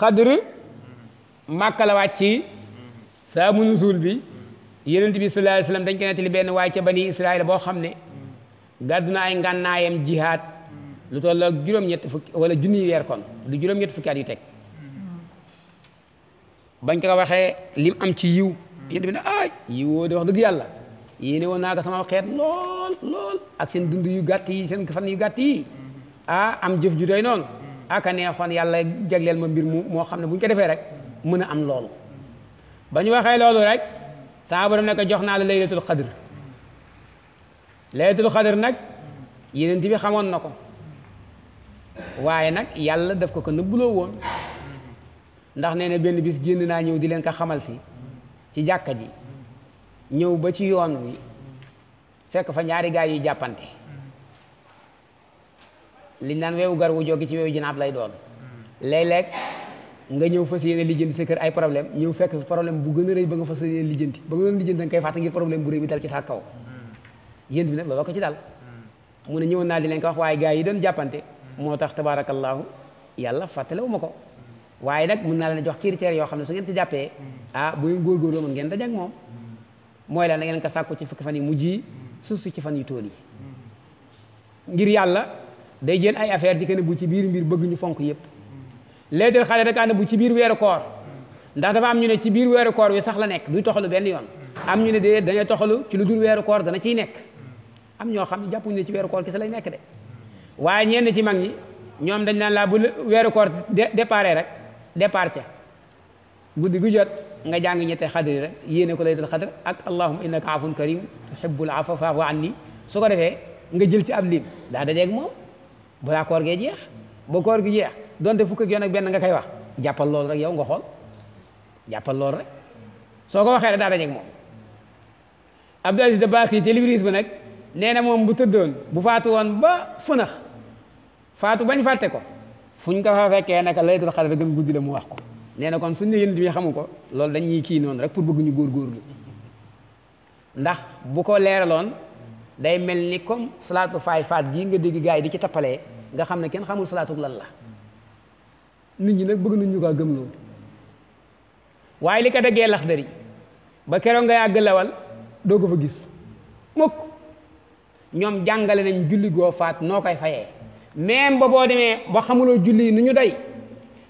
xadr màkka la ci saa mu nuzuul bi yonent bi sallallahu alayhi wasallam dañ ko nettali benn waaye ca bani israil boo xam ne gàddu na ay ngànnaayam jihaad lu toll ak juróom-ñett fukki wala junni weer kon lu juróom-ñett fukki at yu teg bañ ko waxee lim am ci yiw yonent bi ne ay yiw woo de wax dëgg yàlla yéene woon naa ko sama xeet lool lool ak seen dund yu gàtt yi seen fan yu gàtt yi ah am jëf ju doy noonu aka neexoon yàlla jagleel ma mbir mu moo xam ne bu ñu ko defee rek mën a am loolu ba ñu waxee loolu rek saa borom ne jox naa la laylatul xadr laylatul xadr nag yeneen bi xamoon na ko waaye nag yàlla def ko ko nëbbuloo woon ndax nee na benn bis génn naa ñëw di leen ka xamal si ci jàkka ji ñëw ba ci yoon wi fekk fa ñaari gaay yu jàppante liñ naan weewu gar wu joggi ci weewu jinaab lay doon léeg-léeg nga ñëw fas yéene lijjanti sa kër ay problème ñëw fekk problème bu gën a rëy ba nga fas yéene lijjanti ba nga doon lijjanti da nga koy fàtte ngir problème bu rëy bi dal ci sa kaw mm. yéen bi nag loolu ko ci dal mm. mu ne ñëwoon naa di leen ko wax waaye gaa yi doon jàppante mm. moo tax tabaarakallaahu yàlla fàttalewu ma ko waaye nag mun naa leen jox critères yoo xam ne su ngeen ci jàppee ah bu ngeen góorgóorloo mën moom mooy la na ko sàkku ci fukki fan yu mujj yi suuf si ci fan yu tool yi day jël ay affaire di ko ne bu ci biir mbir bëgg ñu fonk yëpp leetal xale rek ànd bu ci biir weeru koor ndax dafa am ñu ne ci biir weeru koor wi sax la nekk duy toxalu benn yoon am ñu ne déedéet dañuy toxalu ci lu dul weeru koor dana ciy nekk am ñoo xam ne jàppuñu ne ci weeru koor kese lay nekk de waaye ñenn ci mag ñi ñoom dañ naan la bu weeru koor départ rek départ ca guddi gu jot nga jàng ñette xadri rek yéene ko laylatul xadr ak allahuma innaka afun karim tuhibbul afa faafu anni su ko defee nga jël ci ab lim daa dajeeg moom balaa koor gee jeex ba koor gi jeex donte fukk ak yoon ak benn nga koy wax jàppal lool rek yow nga xool jàppal lool rek soo ko waxee rek daa dajeeg moom Abdou Aziz Dabakh ci libris ba nag nee na moom bu tëddoon bu faatu woon ba fënax faatu bañ fàtte ko fu ñu ko fa fekkee lay laytul xadar gën guddi la mu wax ko nee na kon suñ ne yéen bi xamu ko loolu dañuy kii noonu rek pour bëgg ñu góorgóorlu ndax bu ko leeraloon day mel ni comme salaatu faay faat gii nga dégg gars yi di ci tappalee nga xam ne kenn xamul salaatu lan la nit ñi nag bëgg nañ ñu kaa gëm loolu waaye li ko déggee lax ba keroog nga yàgg doo ko fa gis mukk jàngale nañ julli faat noo koy fayee même ba boo demee ba xamuloo julli yi ñu doy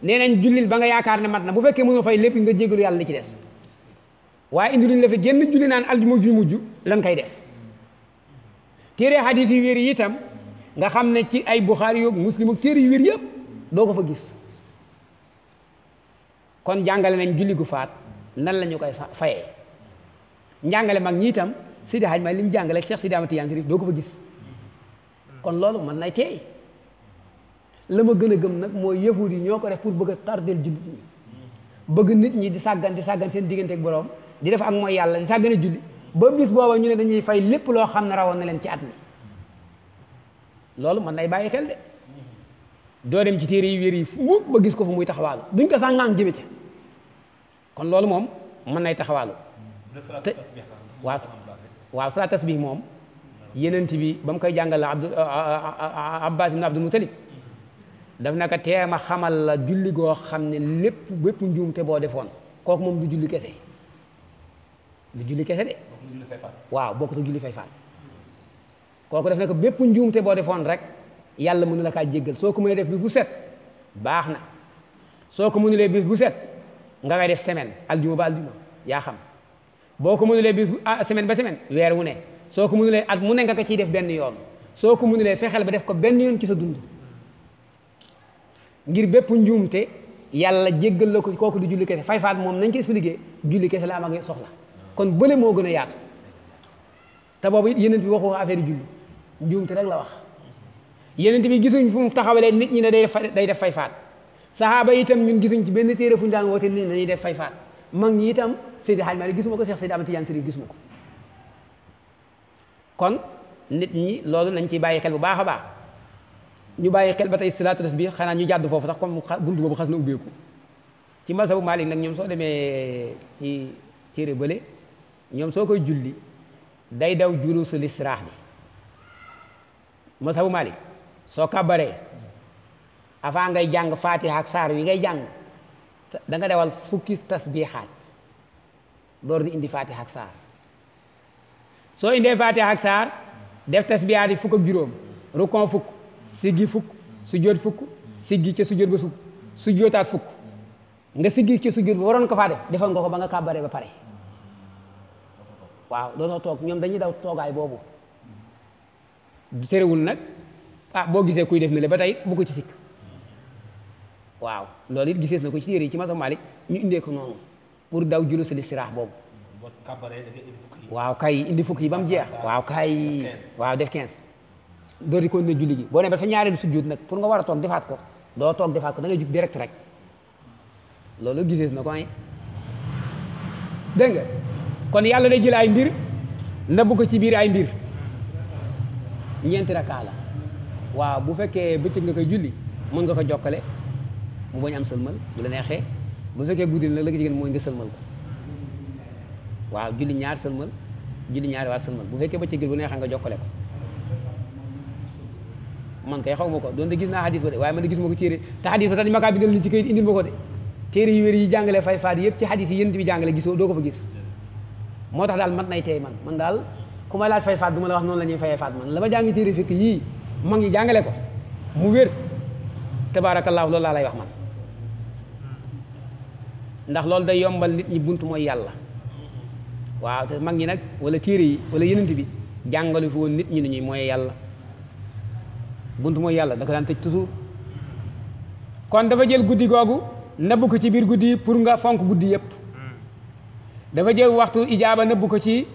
nee nañ jullil ba nga yaakaar ne mat na bu fekkee mënoo fay lépp nga jégalu yàlla li ci des waaye indi luñ la fi génn julli naan aljuma ju mujj lan koy def téere hadis yu wér yi itam nga xam ne ci ay buxaari yo muslim ak téere yu wér yëpp doo ko fa gis kon jàngale nañ julli gu faat nan lañu koy fayee jàngale mag ñi itam Sidi Hadj Malick li mu jàngale Cheikh Sidi Ahmad Tidiane Chérif doo ko fa gis kon loolu mën nay teey la ma gën a gëm nag mooy yahud yi ñoo ko def pour bëgg a tardel jullit ñi bëgg nit ñi di sàggan di sàggan seen diggante borom di def ak mooy yàlla di sàggane julli ba bis booba ñu ne dañuy fay lépp loo xam ne rawoon na leen ci at mi loolu mën nay bàyyi xel de doo dem ci téere yi wér yi fu ba gis ko fu muy taxawaalu duñ ko sàngaam jëme ca kon loolu moom mën nay taxawaalu te waaw waaw salaat moom yenent bi ba mu koy jàngal la abdu abbas ibn mutalib daf na teem a xamal la julli goo xam ne lépp bépp njuumte boo defoon kooku moom du julli kese du julli kese de waaw bokkut ak julli fay faal kooku def ne ko bépp njuumte boo defoon rek yàlla mënu la kaa jéggal soo ko mënee def bis bu set baax na soo ko mënulee bis bu set nga koy def semaine aljuma ba aljuma yaa xam boo ko mënulee bis ah, semaine ba semaine weer wu ne soo ko mënulee ak mu ne nga ko ciy def benn yoon soo ko mënulee fexeel ba def ko benn yoon ci sa dund ngir bépp njuumte yàlla jéggal la ko kooku di julli kese fay faat moom nañ ko expliqué julli kese la am ak soxla kon bële moo gën a yaatu te boobu it yeneen bi waxu affaire julli njuumte rek la wax yeneen bi gisuñ fu mu taxawalee nit ñi ne day day def fay faat saxaaba itam ñun gisuñ ci benn téere fu ñu daan woote nii dañuy def fay faat mag ñi itam Seydi Hadj Malick gisuma ko Cheikh Seydi Ahmad Tidiane Serigne ma ko kon nit ñi loolu nañ ciy bàyyi xel bu baax a baax ñu bàyyi xel ba tey salaatu bi xanaa ñu jàdd foofu sax comme buntu boobu xas na ubbeeku ci masabu Malick nag ñoom soo demee ci téere bële ñoom soo koy julli day daw julusul istiraax bi masabu Malik soo kabaree avant ngay jàng fatiha ak saar wi ngay jàng danga nga dawal fukki tasbiixaat door di indi fatiha saar soo indee fatiha ak saar def tasbiixaat yi fukk ak juróom rukon fukk siggi fukk sujjóot fukk siggi ca sujjóot ba sukk sujjóotaat fukk nga siggi ca sujjóot ba waroon ko faa def defal nga ko ba nga kabaree ba pare waaw dootoo toog ñoom dañuy daw toogaay boobu terewul nag ah boo gisee kuy def ne le ba tey bu ci sikk waaw loolu it gisees na ko ci téere yi ci masa Malik ñu indee ko noonu pour daw julu sali siraax boobu waaw kay indi fukk yi ba mu jeex waaw kay waaw def quinze doo di continuer julli gi boo ne ba fa ñaareelu sujjuut nag pour nga war a toog defaat ko doo toog defaat ko da ngay jug direct rek loolu gisees na ko ay dégg nga kon yàlla day jël ay mbir nëbb ko ci biir ay mbir ñeenti rakaa la waaw bu fekkee bëccëg nga koy julli mën nga ko jokkale mu bañ am sëlmal bu la neexee bu fekkee guddi nag la nga jigéen mooy nga sëlmal ko waaw julli ñaar sëlmal julli ñaari bu fekkee bëccëg bu neexee nga jokkale ko man kay xaw ma ko doon de gis naa xadis ba de waaye man de gis ma ko téere te xadis ba sax ñu ma kaa bindal ni ci kayit indil ma ko de téere yu wér yi jàngale fay faat yëpp ci xadis yi yént bi jàngale gisoo doo ko fa gis moo tax daal mat nay tey man man daal ku may laaj fay faat du ma la wax noonu la ñuy fayee faat man la ma jàngi téere fikk yii mag ñi jàngale ko mu wér tabaarakallaahu loolu laa lay wax man ndax loolu day yombal nit ñi bunt mooy yàlla waaw te mag ñi nag wala téere yi wala yenent bi jàngalu fi woon nit ñi ni ñuy mooy yàlla bunt mooy yàlla da ko daan tëj toujours kon dafa jël guddi googu nabb ko ci biir guddi pour nga fonk guddi yëpp dafa jël waxtu ijaaba nëbbu ko ci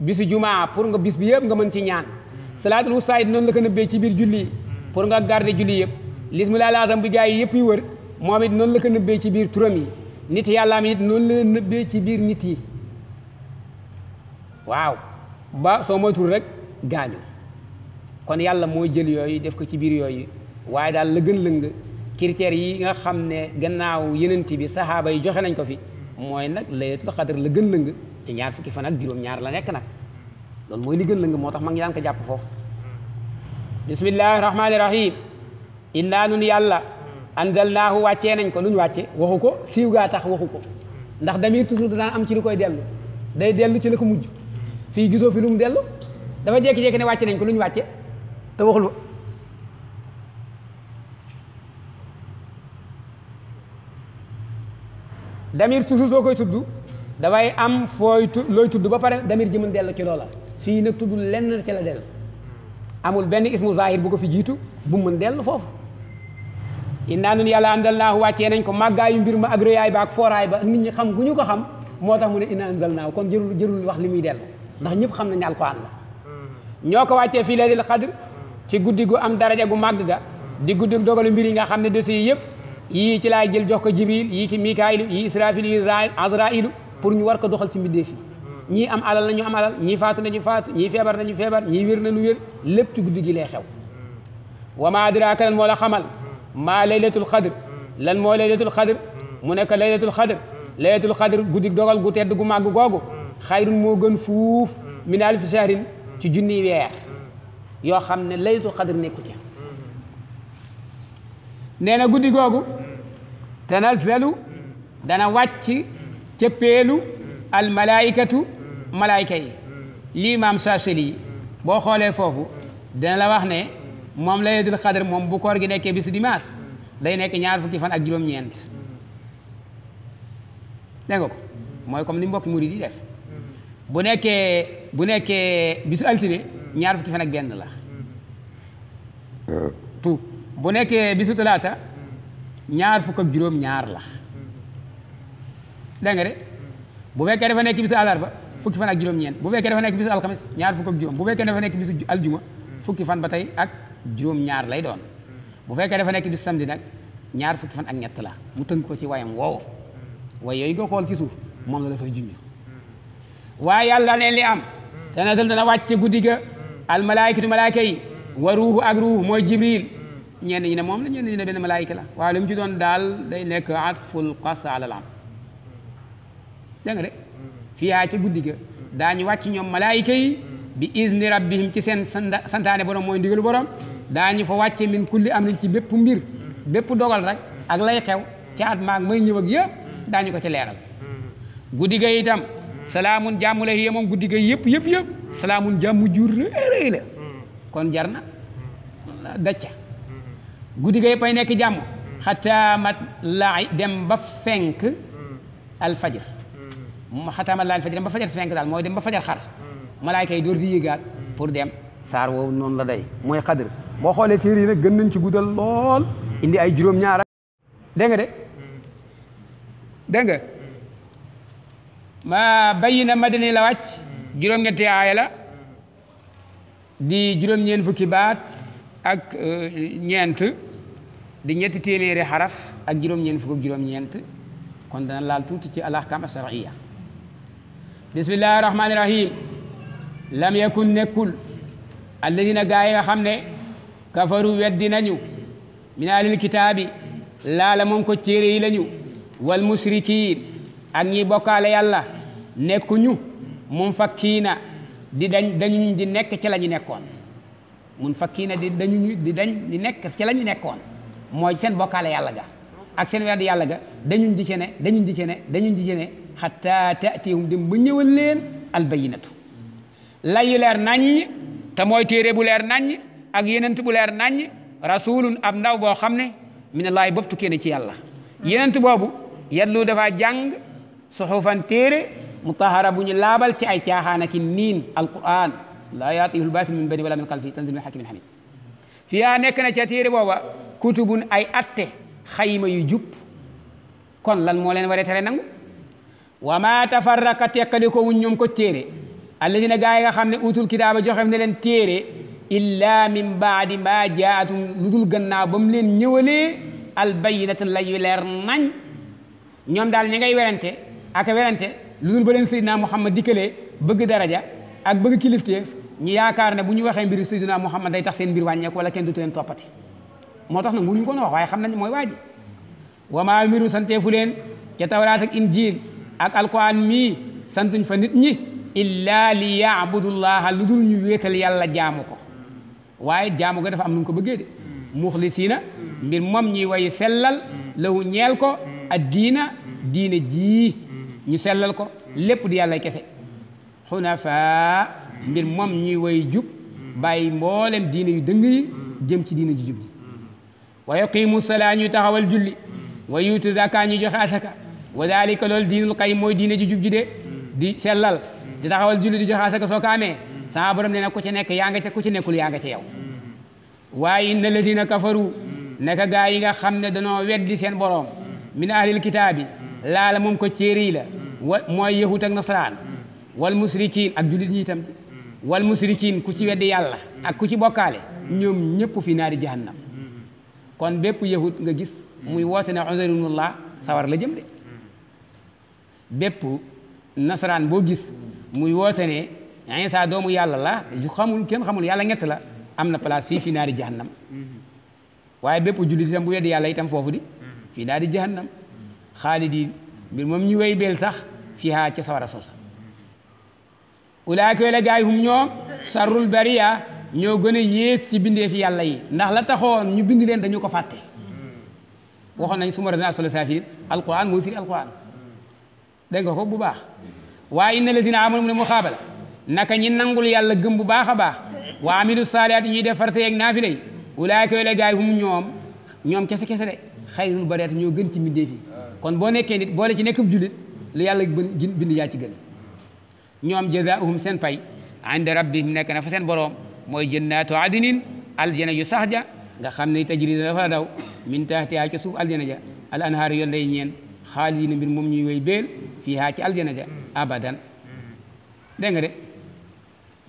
bisu jumaa pour nga bis bi yëpp nga mën ci ñaan hmm. salaatul wusta it noonu la ko nëbbee ci biir julli hmm. pour nga garder julli yëpp lismu laa laasam bi gars yëpp yi wër moom it la ko nëbbee ci biir turam yi nit yàllaam it la nëbbee ci biir nit yi waaw ba soo moytul rek gaañu kon yàlla moo jël yooyu def ko ci biir yooyu waaye daal la gën lëng critères yi nga xam ne gannaaw yenent bi sahaaba yi joxe nañ ko fi mooy nag laylatul qadr la gën lëng te ñaar fukki fan ak juróom-ñaar la nekk nag loolu mooy li gën lëng moo tax ma ngi daan jàpp foofu bismillahi rahmaani rahim innaa nun yàlla anzalnaahu wàccee nañ ko lu ñu wàcce waxu ko siiw gaa tax waxu ko ndax damir toujours danaan am ci lu koy dellu day dellu ci la ko mujj fii gisoo fi lu mu dellu dafa jekki jekki ne wàcce nañ ko lu ñu wàcce te waxul damir toujours soo koy tudd dafay am fooy looy tudd ba pare damir ji mën dellu ci loola fii nag tudd lenn ci la dell amul benn ismu zahir bu ko fi jiitu bu mën dellu foofu innaa nun yàlla anzalnaahu wàccee nañ ko màggaayu mbir ma ak rëyaay ba ak fooraay ba ak nit ñi xam ngu ñu ko xam moo tax mu ne innaa anzalnaahu kon jërul jërul wax li muy dellu ndax ñëpp xam nañ alquran la hmm. ñoo ko wàccee fii la qadr ci guddi gu am daraja gu màgg di guddi dogalu mbir yi nga xam ne dossier yëpp yii ci laay jël jox ko jibril yii ci mikaayilu yii israfil yii azrailu pour ñu war ko doxal ci mbindeef yi hmm. ñii am alal nañu am alal ñii faatu nañu faatu ñii feebar nañu feebar ñii wér nañu wér lépp ci guddi gi lay xew hmm. wa ma adraka moo la xamal hmm. maa laylatul xadr lan moo laylatul xadr mu nekk laylatul xadr laylatul xadr guddi dogal gu tedd gu màgg googu xayrun moo gën fuuf min alfi shahrin ci junni weer yoo xam ne laylatul xadr nekku ci nee na guddi googu tanazzalu dana wàcc ca peelu almalaikatu malaayka yi lii maam Saasili boo xoolee foofu dana la wax ne moom laylatul xadr moom bu koor gi nekkee bisu dimanche day nekk ñaar fukki fan ak juróom-ñeent dégg nga ko mooy comme nim mbokk murid yi def bu nekkee bu nekkee bisu altine ñaar fukki fan ak benn la euh. bu nekkee bisu talaata mm. ñaar fukk ak juróom ñaar la dégg nga de mm. bu fekkee dafa nekk bisu àllarba mm. fukki fan ak juróom-ñeent bu fekkee dafa nekk bisu alxames ñaar fukk ak juróom bu fekkee dafa nekk bisu aljuma fukki fan ba tey ak juróom-ñaar lay doon bu fekkee dafa nekk bisu samedi nag ñaar fukki fan ak ñett la mu tënk ko ci wayam woowu waaye yooyu nga xool ci suuf moom la dafay junj waaye yàlla ne li am te nazal dana wàcc guddi ga al malaayikatu malaayika yi wa ruuhu ak ruuh mooy jibril ñenn ñi ne moom la ñenn ñi ne benn malaayika la waaye mu ci doon daal day nekk atful qas ala lam da de fiyaa ci guddi ga daañu wàcc ñoom malaayika yi bi izni rabbihim ci seen santaane borom mooy ndigalu borom daañu fa wàcce min kulli amrin ci bépp mbir bépp dogal rek ak lay xew ci at maag may ñëw ak yëpp daañu ko ci leeral guddi ga itam salaamun jàmm la hiya moom guddi ga yëpp yëpp yëpp salaamun jàmm jur rëy kon jar na dacca guddi gay pay nekk jàmm mm. xataa mat laay dem ba fenk mm. alfajar mm. xataa mat laay alfajar dem ba fajar fenk daal mooy dem ba fajar xar malaayka yi door di yéegaat pour dem saar woowu noonu la day mooy xadr boo xoolee téere yi nag gën nañ ci guddal lool indi ay juróom ñaara dégg de dégg nga ma bayi na madani la wàcc juróom-ñetti aaya di juróom-ñeent fukki baat ak euh, ñeent di ñetti téeméeri xaraf ak juróom-ñeent kon dana laal tuuti ci alaxkaam ashar'iyya bismillahi rahmaani rahim lam yakun nekkul alladina gaa yi nga xam ne kafaru weddi nañu min ahlil kitaabi laala moom ko téere yi lañu wal musrikiin ak ñi bokkaale yàlla nekkuñu mun fakkiina di dañ dañuñ di nekk ci la ñu nekkoon mun fakkiina di dañuñu di dañ di nekk ci la nekkoon mooy seen bokkaale yàlla ga ak seen wedd yàlla ga dañuñ di ci ne dañuñ di ci ne dañuñ di ci ne xataa taatihum dem ba ñëwal leen albayinatu layu leer naññ te mooy téere bu leer naññ ak yenent bu leer naññ rasulun ab ndaw boo xam ne min allaay bopp tukkee ne ci yàlla yenent boobu yatlu dafa jàng suxufan téere mutahara bu ñu laabal ci ay caaxaan ak niin alquran laa yaatihu lbatil min bani wala min xalfi tanzil min xakimin xamid fiyaa nekk na ca téere booba kutubun ay atte xayma yu jub kon lan moo leen waree tere nangu wa ma tafarraqa tekkaliko wuñ ñoom ko téere alladina gaa yi nga xam ne utul kitaaba joxef ne leen téere illa min baadi ma jaatum lu dul gannaaw ba mu leen ñëwalee albayinatu la yu leer nañ ñoom daal ñi ngay werante ak werante lu dul ba leen Seydina Muhammad dikkalee bëgg daraja ak bëgg kilifteef ñu yaakaar ne bu ñu waxee mbir Seydina Muhammad day tax seen mbir wàññeeku wala kenn dutu leen toppati moo tax nag mënuñu ko wax waaye xam nañu mooy waa ji wa maa umiru santeefu leen ca tawraat ak injil ak alquran mii santuñ fa nit ñi illa li yaabudullaha lu dul ñu wéetal yàlla jaamu ko waaye jaamu ga dafa am nu ko bëggee de muxlisiina mbir moom ñi way sellal lawu ñeel ko ad diina diine jii ñu sellal ko lépp di yàlla kese xunafa mbir moom ñi way jub bàyyi mboolem diine yu dëng yi jëm ci diine ji jub wa yaqimu salaa ñuy taxawal julli wa yuutu zaka ñuy joxe asaka wa dalika loolu diinul qayyim mooy diine ji jub ji de di sellal di taxawal julli di joxe asaka soo ko amee na ku ci nekk yaa nga ca ku ci nekkul yaa nga ca yow waaye inna alladina kafaru naka gaa yi nga xam ne danoo weddi seen borom min ahlil kitaabi laala moom ko céeri la wa mooy yahut ak nasaraan wal musrikiin ak jullit ñi itam wal musrikiin ku ci weddi yàlla ak ku ci bokkaale ñoom ñëpp fi naari jahannam kon bépp yahud nga gis muy mm. woote ne uzayrunullah sawar la jëm de mm. bépp nasaraan boo gis mm. muy woote ne Isa doomu yàlla la yu xamul kenn xamul yàlla ñett la am na place fii fii naari jahannam mm-hmm. waaye bépp jullit itam bu weddi yàlla itam foofu di mm-hmm. fii naari jahannam mm-hmm. xaalidin mbir moom ñu wey beel sax fii haa ca sawara soosa ulaaka la gaay hum ñoom sarrul bariya ñoo gën a yées ci bindeef yàlla yi ndax la taxoon ñu bind leen dañu ko fàtte hmm. waxoon nañ su ma rena sola saafir hmm. alquran mooy firi alquran hmm. dégg nga ko bu baax waaye inna lazina amanu mu ne mu xaabala naka ñi nangul yàlla gëm bu baax a baax wa amilu saalihaati ñuy def farte yeeg naafile yi ulaayka yooyu la gaay hum ñoom ñoom kese kese de xayrul bariat ñoo gën ci mbindeef kon boo nekkee nit boole ci nekkub julit lu yàlla bind yaa ci gën ñoom jazaahum seen pay inda rabbihim nekk na fa seen boroom mooy jannaatu adinin aljana yu sax ja nga xam ni tajri dafa daw min tahtiha ci suuf aljana ja al anhaar yoon lay ñeen xaalidina mbir moom ñuy wéy béel fiihaa ci aljana ja abadan dégg nga de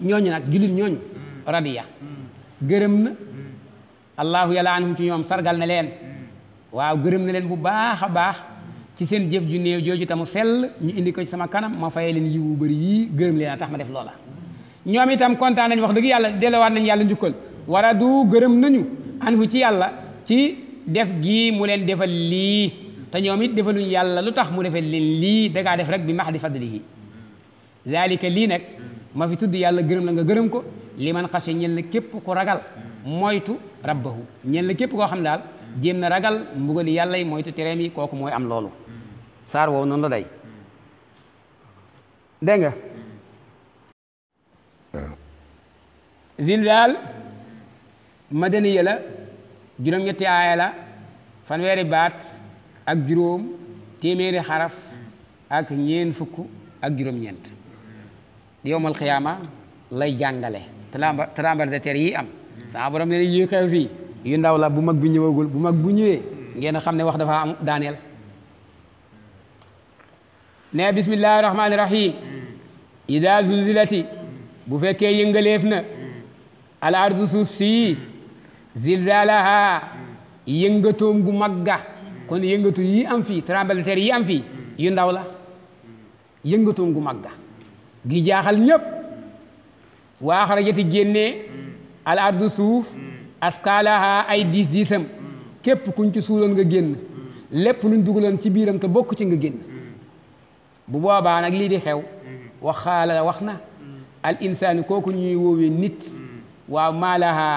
ñooñu na jullit ñooñu radiya gërëm na allahu yàlla anhum ci ñoom sargal na leen waaw gërëm na leen bu baax a baax ci seen jëf ju néew jooju tamu sell ñu indi ko ci sama kanam ma fay leen wu bari yii gërëm leen a tax ma def loola ñoom itam kontaan nañ wax dëgg yàlla dellowaat nañ yàlla njukkal wara du gërëm nañu anhu ci yàlla ci def gii mu leen defal lii te ñoom it defaluñ yàlla lu tax mu defal leen lii dangaa def rek bi max di fadlihi zalika lii nag ma fi tudd yàlla gërëm la nga gërëm ko li man xase ñel na képp ku ragal moytu rabbahu ñel na képp koo xam daal jéem na ragal mbugali yàlla moytu tereem yi kooku mooy am loolu saar woowu noonu la day zilzal madaniya la juróom-ñetti aaya la fanweeri baat ak juróom téeméeri xaraf ak ñeen fukk ak juróom-ñeent yowmal xiyaama lay jàngale tremblement yi am sama borom ne yu xew fii yu ndaw la bu mag bu ñëwagul bu mag bu ñëwee ngeen xam ne wax dafa am daaneel ne bismillahi rahmaani rahim bu fekkee yëngaleef na al ardu suuf sii zilzalaha yëngatoom gu magga kon yëngatu yi am fii tremblement yi am fii yu ndaw la yëngatoom gu magga gi jaaxal ñëpp waa xarajati génnee al ardu suuf askaalaha ay diis diisam képp kuñ ci suuloon nga génn lépp luñ dugaloon ci biiram te bokk ci nga génn bu boobaa nag lii di xew waxaala wax na al insaani kooku ñuy woowee nit waaw maalaha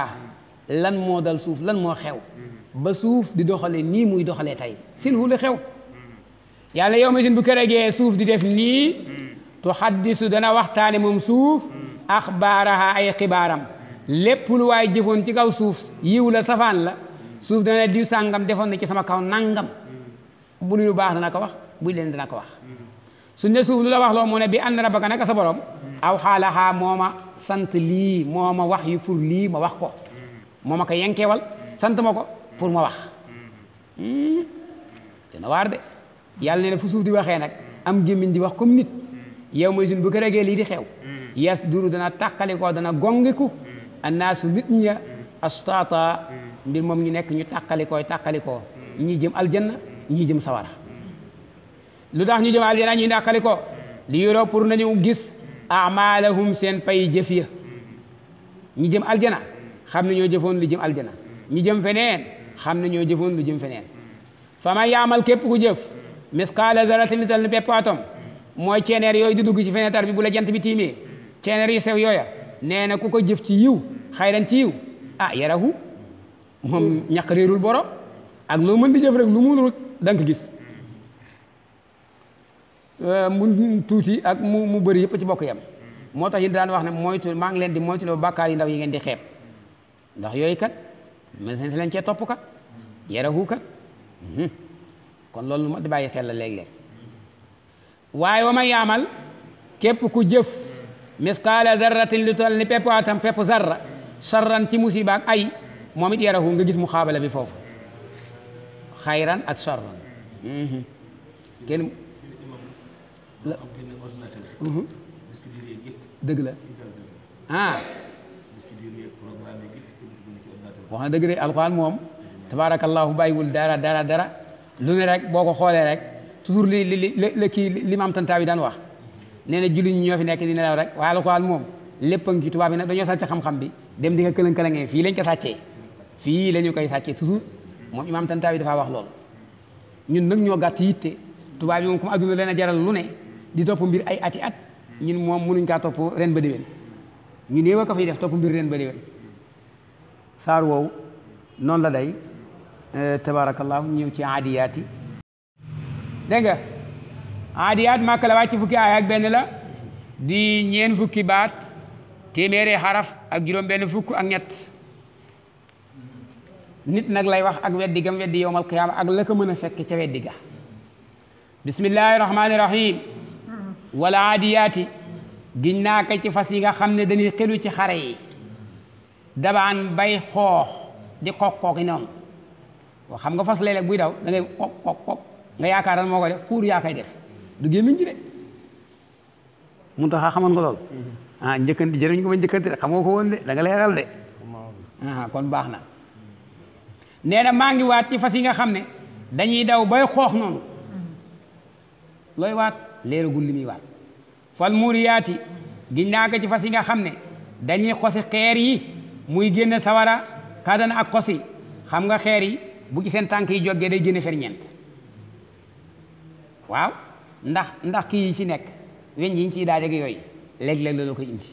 lan moo dal suuf lan moo xew mm-hmm. ba suuf di doxale nii muy doxalee tey silhu li xew mm-hmm. yàlla yow ma sin bu keregee suuf di def nii mm-hmm. tuhaddisu dana waxtaane moom suuf axbaaraha ay xibaaram lépp lu waay jëfoon ci kaw suuf yiw la safaan la suuf dana diw sàngam defoon na ci sama kaw nangam bu lu baax dana ko wax buy leen dana ko wax su ne suuf lu la wax loo mu ne bi ànd rabaka naka sa borom aw xaalaxaa mooma sant lii moo ma wax yu pour lii ma wax ko moo ma ko yenkeewal sant ma ko pour ma wax hmm. dina waar de yàlla nee na fu suuf di waxee nag am gémmiñ di wax comme nit yow mooy suñ bu ko régee lii di xew hmm. yas duru dana tàqalikoo dana gongiku hmm. annaasu nit ña astaata mbir moom ñu nekk ñu tàqalikooy tàqalikoo ñii jëm aljanna ñii jëm sawara lu tax ñu jëm aljanna ñuy gis amaalahum seen pay jëf ya ñi jëm aljana xam ne ñoo jëfoon lu jëm aljana ñi jëm feneen xam ne ñoo jëfoon lu jëm feneen fa man yaamal képp ku jëf misqaala zarratin li tal ni pepp mooy ceeneer yooyu di dugg ci fenêtre bi bu la jant bi tiimee ceeneer yu sew yooya nee na ku ko jëf ci yiw xayran ci yiw ah yarahu moom ñaq réerul boro ak loo mën di jëf rek lu mu rek da Euh, mu tuuti ak mu mu bëri yëpp ci bokk yam mm-hmm. moo tax it daan wax ne moytu maa ngi leen di moytuloo bàkkaar yi ndaw yi ngeen di xeeb mm-hmm. ndax yooyu kat mën seen si topp kat mm-hmm. yarahu kat kon loolu ma di bàyyi xel la léeg waaye wa ma yaamal képp ku jëf misqaala zarratin lu toll ni pepp atam pepp zarra sarran ci musiba ak ay moom it yarahu nga gis mu xaabala bi foofu xayran ak sarran la mhm. dëgg la ah wax na dëgg de alxuraan moom tabaarakallaahu dara dara dara lu ne rek boo ko xoolee rek toujours li li li kii li maam tantaaw yi daan wax mhm. nee na jullit ñi ñoo fi nekk di nelaw rek waaye alxuraan moom lépp a ngi ci tubaab yi nag dañoo sàcc xam bi dem di nga këlan-këlangee fii lañ ko sàccee fii la ñu koy sàccee toujours mhm. moom imaam tantaaw yi dafa wax loolu ñun nag ñoo gàtt yitte tubaab yi moom comme adduna leen jaral lu ne di topp mbir ay ati at ñun moom mënuñ kaa topp ren ba déwén ñu néew a ko fiy def topp mbir ren ba déwén saar woowu noonu la day eh, tabarakallahu ñëw ci aadiyaat yi dégg nga aadiyaat màkk fukki aaya ak benn la di ñeen fukki baat téeméeri xaraf ak juróom benn fukk ak ñett nit nag lay wax ak weddi gam weddi yowmal qiyaama ak la ko mën a fekk ca weddi ga wala aadiyaati giñ naa ko ci fas yi nga xam ne dañuy xelu ci xare yi dabaan bay xoox di kook-kooki noonu xam nga fas léeg buy daw da ngay kook kook nga yaakaaran moo ko def xuur yaa koy def du gémmiñ ji xamoon nga lool mm-hmm. ah njëkkanti jëriñ ko ma njëkkanti xam xamoo ko woon de da nga de ah kon baax na nee na maa ngi waat ci fas yi nga xam ne dañuy daw bay xoox noonu mm-hmm. looy waat leeragul li muy waat fal muriyaati naa ko ci fas yi nga xam ne dañuy xosi xeer yi muy génn sawara kadan ak xosi xam nga xeer yi bu ci seen tànk yi jógee day génne ferñeent waaw ndax ndax kii yi ci nekk weñ yiñ ciy daajeg yooyu léeg-léeg loolu koy indi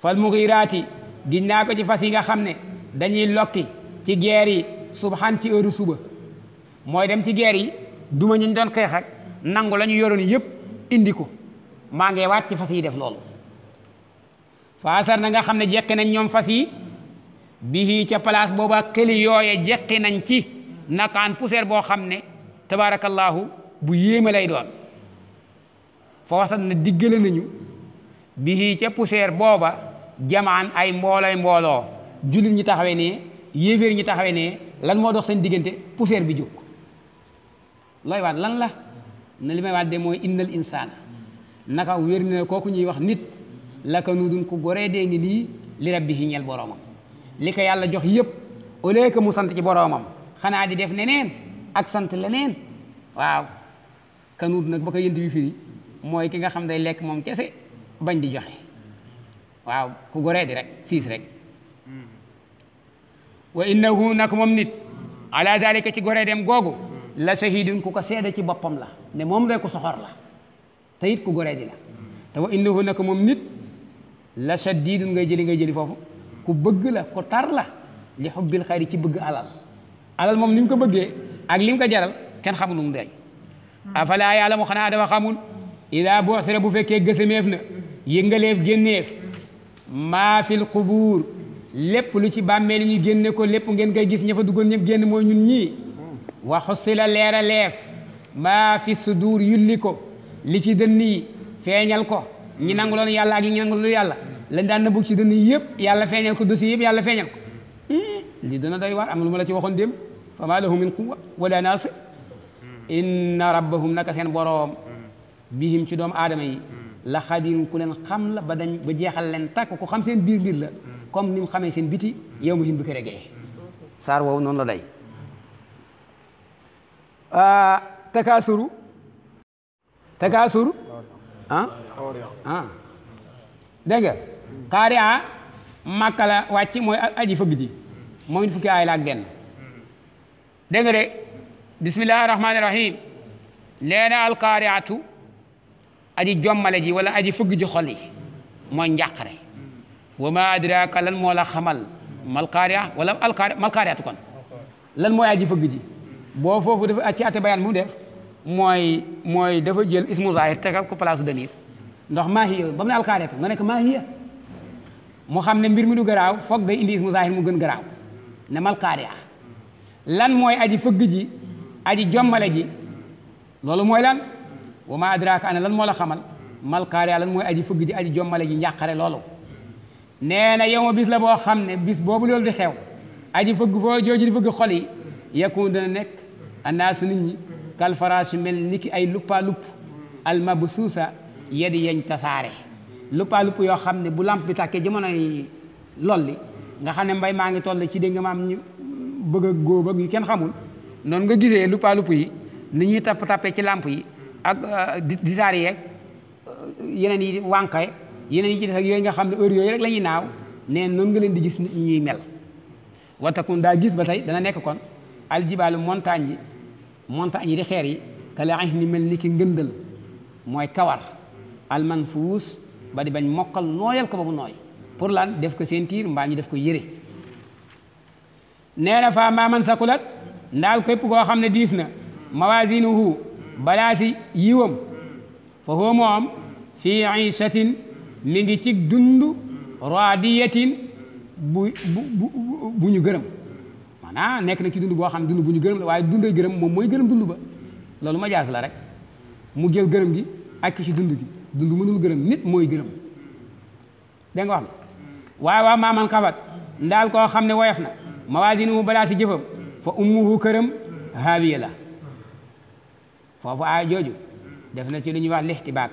fal mughiraati giñ naa ko ci fas yi nga xam ne dañuy lokki ci geer yi subhan ci heure suba mooy dem ci geer yi duma ñuñ doon xeex nangu la ñu yoroon yëpp indi ko maa ngi waat ci fas yi def loolu faasar na nga xam ne jekki nañ ñoom fas yi bihi ca place booba këli yooye jekki nañ ci nakaan poussière boo xam ne tabaarakallaahu bu yéeme lay doon fa wasat na diggale nañu bihi ca poussière booba jamaan ay mboolooy mbooloo jullit ñi taxawe ne yéeféer ñi taxawe ne lan moo dox seen diggante poussière bi jóg looy waat lan la na li may wàddee mooy innal insaan naka wér na ko ku ñuy wax nit la ka nu dun ku goree dee ngi nii li rabbihi ñeel boroomam li ko yàlla jox yépp au lieu que mu sant ci boroomam xanaa di def neneen ak sant leneen waaw kanuut nag ba ko yënt bi firi mooy ki nga xam day lekk moom kese bañ di joxe waaw ku goree di rek siis rek wa innahu nag moom nit ala zalika ci goree dem googu la shahidun ku ko seede ci boppam la ne moom day ko soxor la te it ku goree ji la te wa naka moom nit la shadidun ngay jëli ngay jëli foofu ku bëgg la ku tar la li xubbil xayri ci bëgg alal alal moom ni mu ko bëggee ak lim mu ko jaral kenn xamu mu day afala yàlla mu xanaa dafa xamul ida boosira bu fekkee gësameef na yëngaleef génneef maa fil qubuur lépp lu ci bàmmeel ñu génne ko lépp ngeen koy gis ña duggoon ñëpp génn mooy ñun ñii wa xusila leer leef maa fi suduur yulli ko li ci dënn yi feeñal ko ñi nanguloon yàlla ak ñi nanguloon yàlla lañ daan nëbbu ci dënn yi yëpp yàlla feeñal ko dossier yëpp yàlla feeñal ko hmm, lii dana doy waar am lu ma la ci waxoon démb fa maa lahu min quwwa wala naasir inna rabbahum naka seen boroom bihim ci doomu aadama yi la xabiirun ku leen xam la ba dañ ba jeexal leen tàkk ku xam seen biir biir la comme ni mu xamee seen biti yow mu hin bi ko regee saar woowu noonu la day ah, takaasuru takaasur ah ah dégg nga xaari mooy aji fëgg ji moom it fukki aay la de bismillahi rahmaani rahim nee aji jommale ji wala aji fëgg ji xol yi mooy njàqare lan moo la xamal malqaaria wala alqaari malqaariatu lan mooy aji fëgg boo foofu dafa ate bayaan mu def mooy mooy dafa jël ismu zahir tegal ko place damir ndax maa hiya ba mu ne alxaariatu nga nekk maa hiya mu xam ne mbir mi du garaaw foog day indi ismu zahir mu gën garaaw ne mal xaaria lan mooy aji fëgg ji aji jommale ji loolu mooy lan wa ma adraka ana lan moo la mooy aji fëgg ji aji jommale ji njàqare nee na yow ma bis la boo xam ne bis boobu loolu di xew aji fëgg foo di fëgg xol yi yakun dana nekk annaasu kalfaraashi mel ni ki ay luppalupp almabsuusa yedi yeñ tasaare luppalupp yoo xam ne bu lamp bi tàkkee jamonoy lolli nga xam ne mbay maa ngi toll ci dégg nga maam bëgg a góob ak kenn xamul noonu nga gisee luppalupp yi ni ñuy tapp tappee ci làmp yi ak euh, di saar yeeg euh, yeneen yi wànqe yeneen yi ci des ak yooyu nga xam ne heure yooyu rek la naaw ne noonu nga leen di gis nit ñuy mel watakun daa gis ba tey dana nekk kon aljibaalu montagne yi montagne yi di xeer yi kalaax ni mel ni ki ngëndal mooy kawar almanfuus ba di bañ mokkal nooyal ko ba mu nooy pour lan def ko seen tiir mbaa ñu def ko yére nee na maaman sakulat ndaal képp koo xam ne diis na mawasinuhu balaa si yiwam fa huwa moom fii ichatin mi ngi ci dund radiyatin bu bu bu ñu gërëm xanaa nekk na ci dund boo xam ne dund bu ñu gërëm la waaye dunday gërëm moom mooy gërëm dund ba loolu ma jaas la rek mu jël gërëm gi ak ci dund gi dund mënul gërëm nit mooy gërëm da nga wax waaye waa maaman xafat ndaal koo xam ne woyof na mawaasinuhu balaa si jëfam fa ummuhu këram haawiya la foofu aaya jooju def na ci lu ñuy wax lixtibaat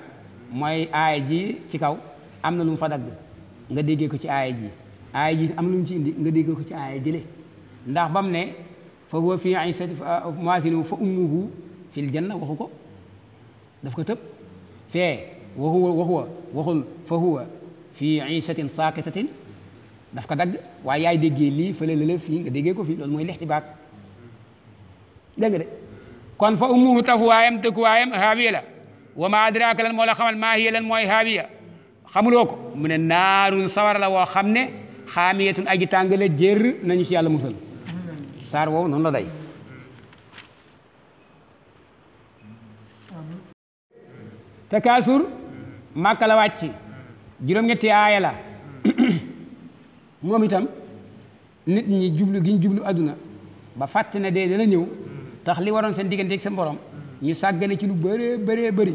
mooy aaya ji ci kaw am na lu mu fa dagg nga déggee ko ci aaya ji aaya ji am lum ci indi nga déggee ko ci aaya jële ndax bam ne fa huwa fi isati maasilu fa ummuhu fil janna waxu ko daf ko tëb fee wa huwa wa huwa waxul fa huwa fi isatin saakitatin daf ko dagg waaye yaay déggee lii fële lële fii nga déggee ko fii loolu mooy lexti baat dégg nga de kon fa ummuhu tafuwaayam tëkkuwaayam haawiya la wa ma adraaka lan moo la xamal maa hiya lan mooy haawiya xamuloo ko mu ne naarun sawar la woo xam ne xaamiyatun aji tàng la jër nañu ci yàlla musal saar woowu noonu la day takaasur màkka la juróom-ñetti aaya la moom itam nit ñi jublu giñ jublu adduna ba fàtte ne dee dana ñëw tax li waroon seen digganteeg sen borom ñu sàggane ci lu bëree bëree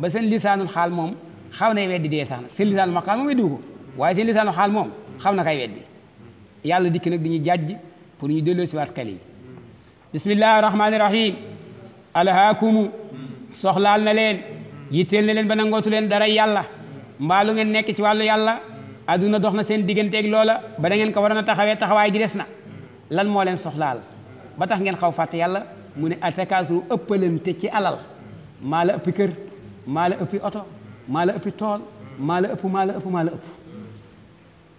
ba seen lisaanul xaal moom xaw nay weddi dee sax nag seen lisaanul moom weddiwu ko waaye seen lisaanul xaal moom xaw na weddi yàlla dikk nag di ñu jàjj pour ñu delloo wat waat xel yi bismillahi rahmaani rahim alhaakumu soxlaal na leen yitteel na leen ba nangootu leen dara yàlla mbaalu ngeen nekk ci wàllu yàlla aduna dox na seen digganteeg loola ba da ngeen ko waroon a taxawee taxawaay ji des na lan moo leen soxlaal ba tax ngeen xaw fàtte yàlla mu ne atakaasuru ëppalante ci alal maa la ëppi kër maa la ëpp oto maa la ëppi tool maa la ëpp maa la ëpp maa la ëpp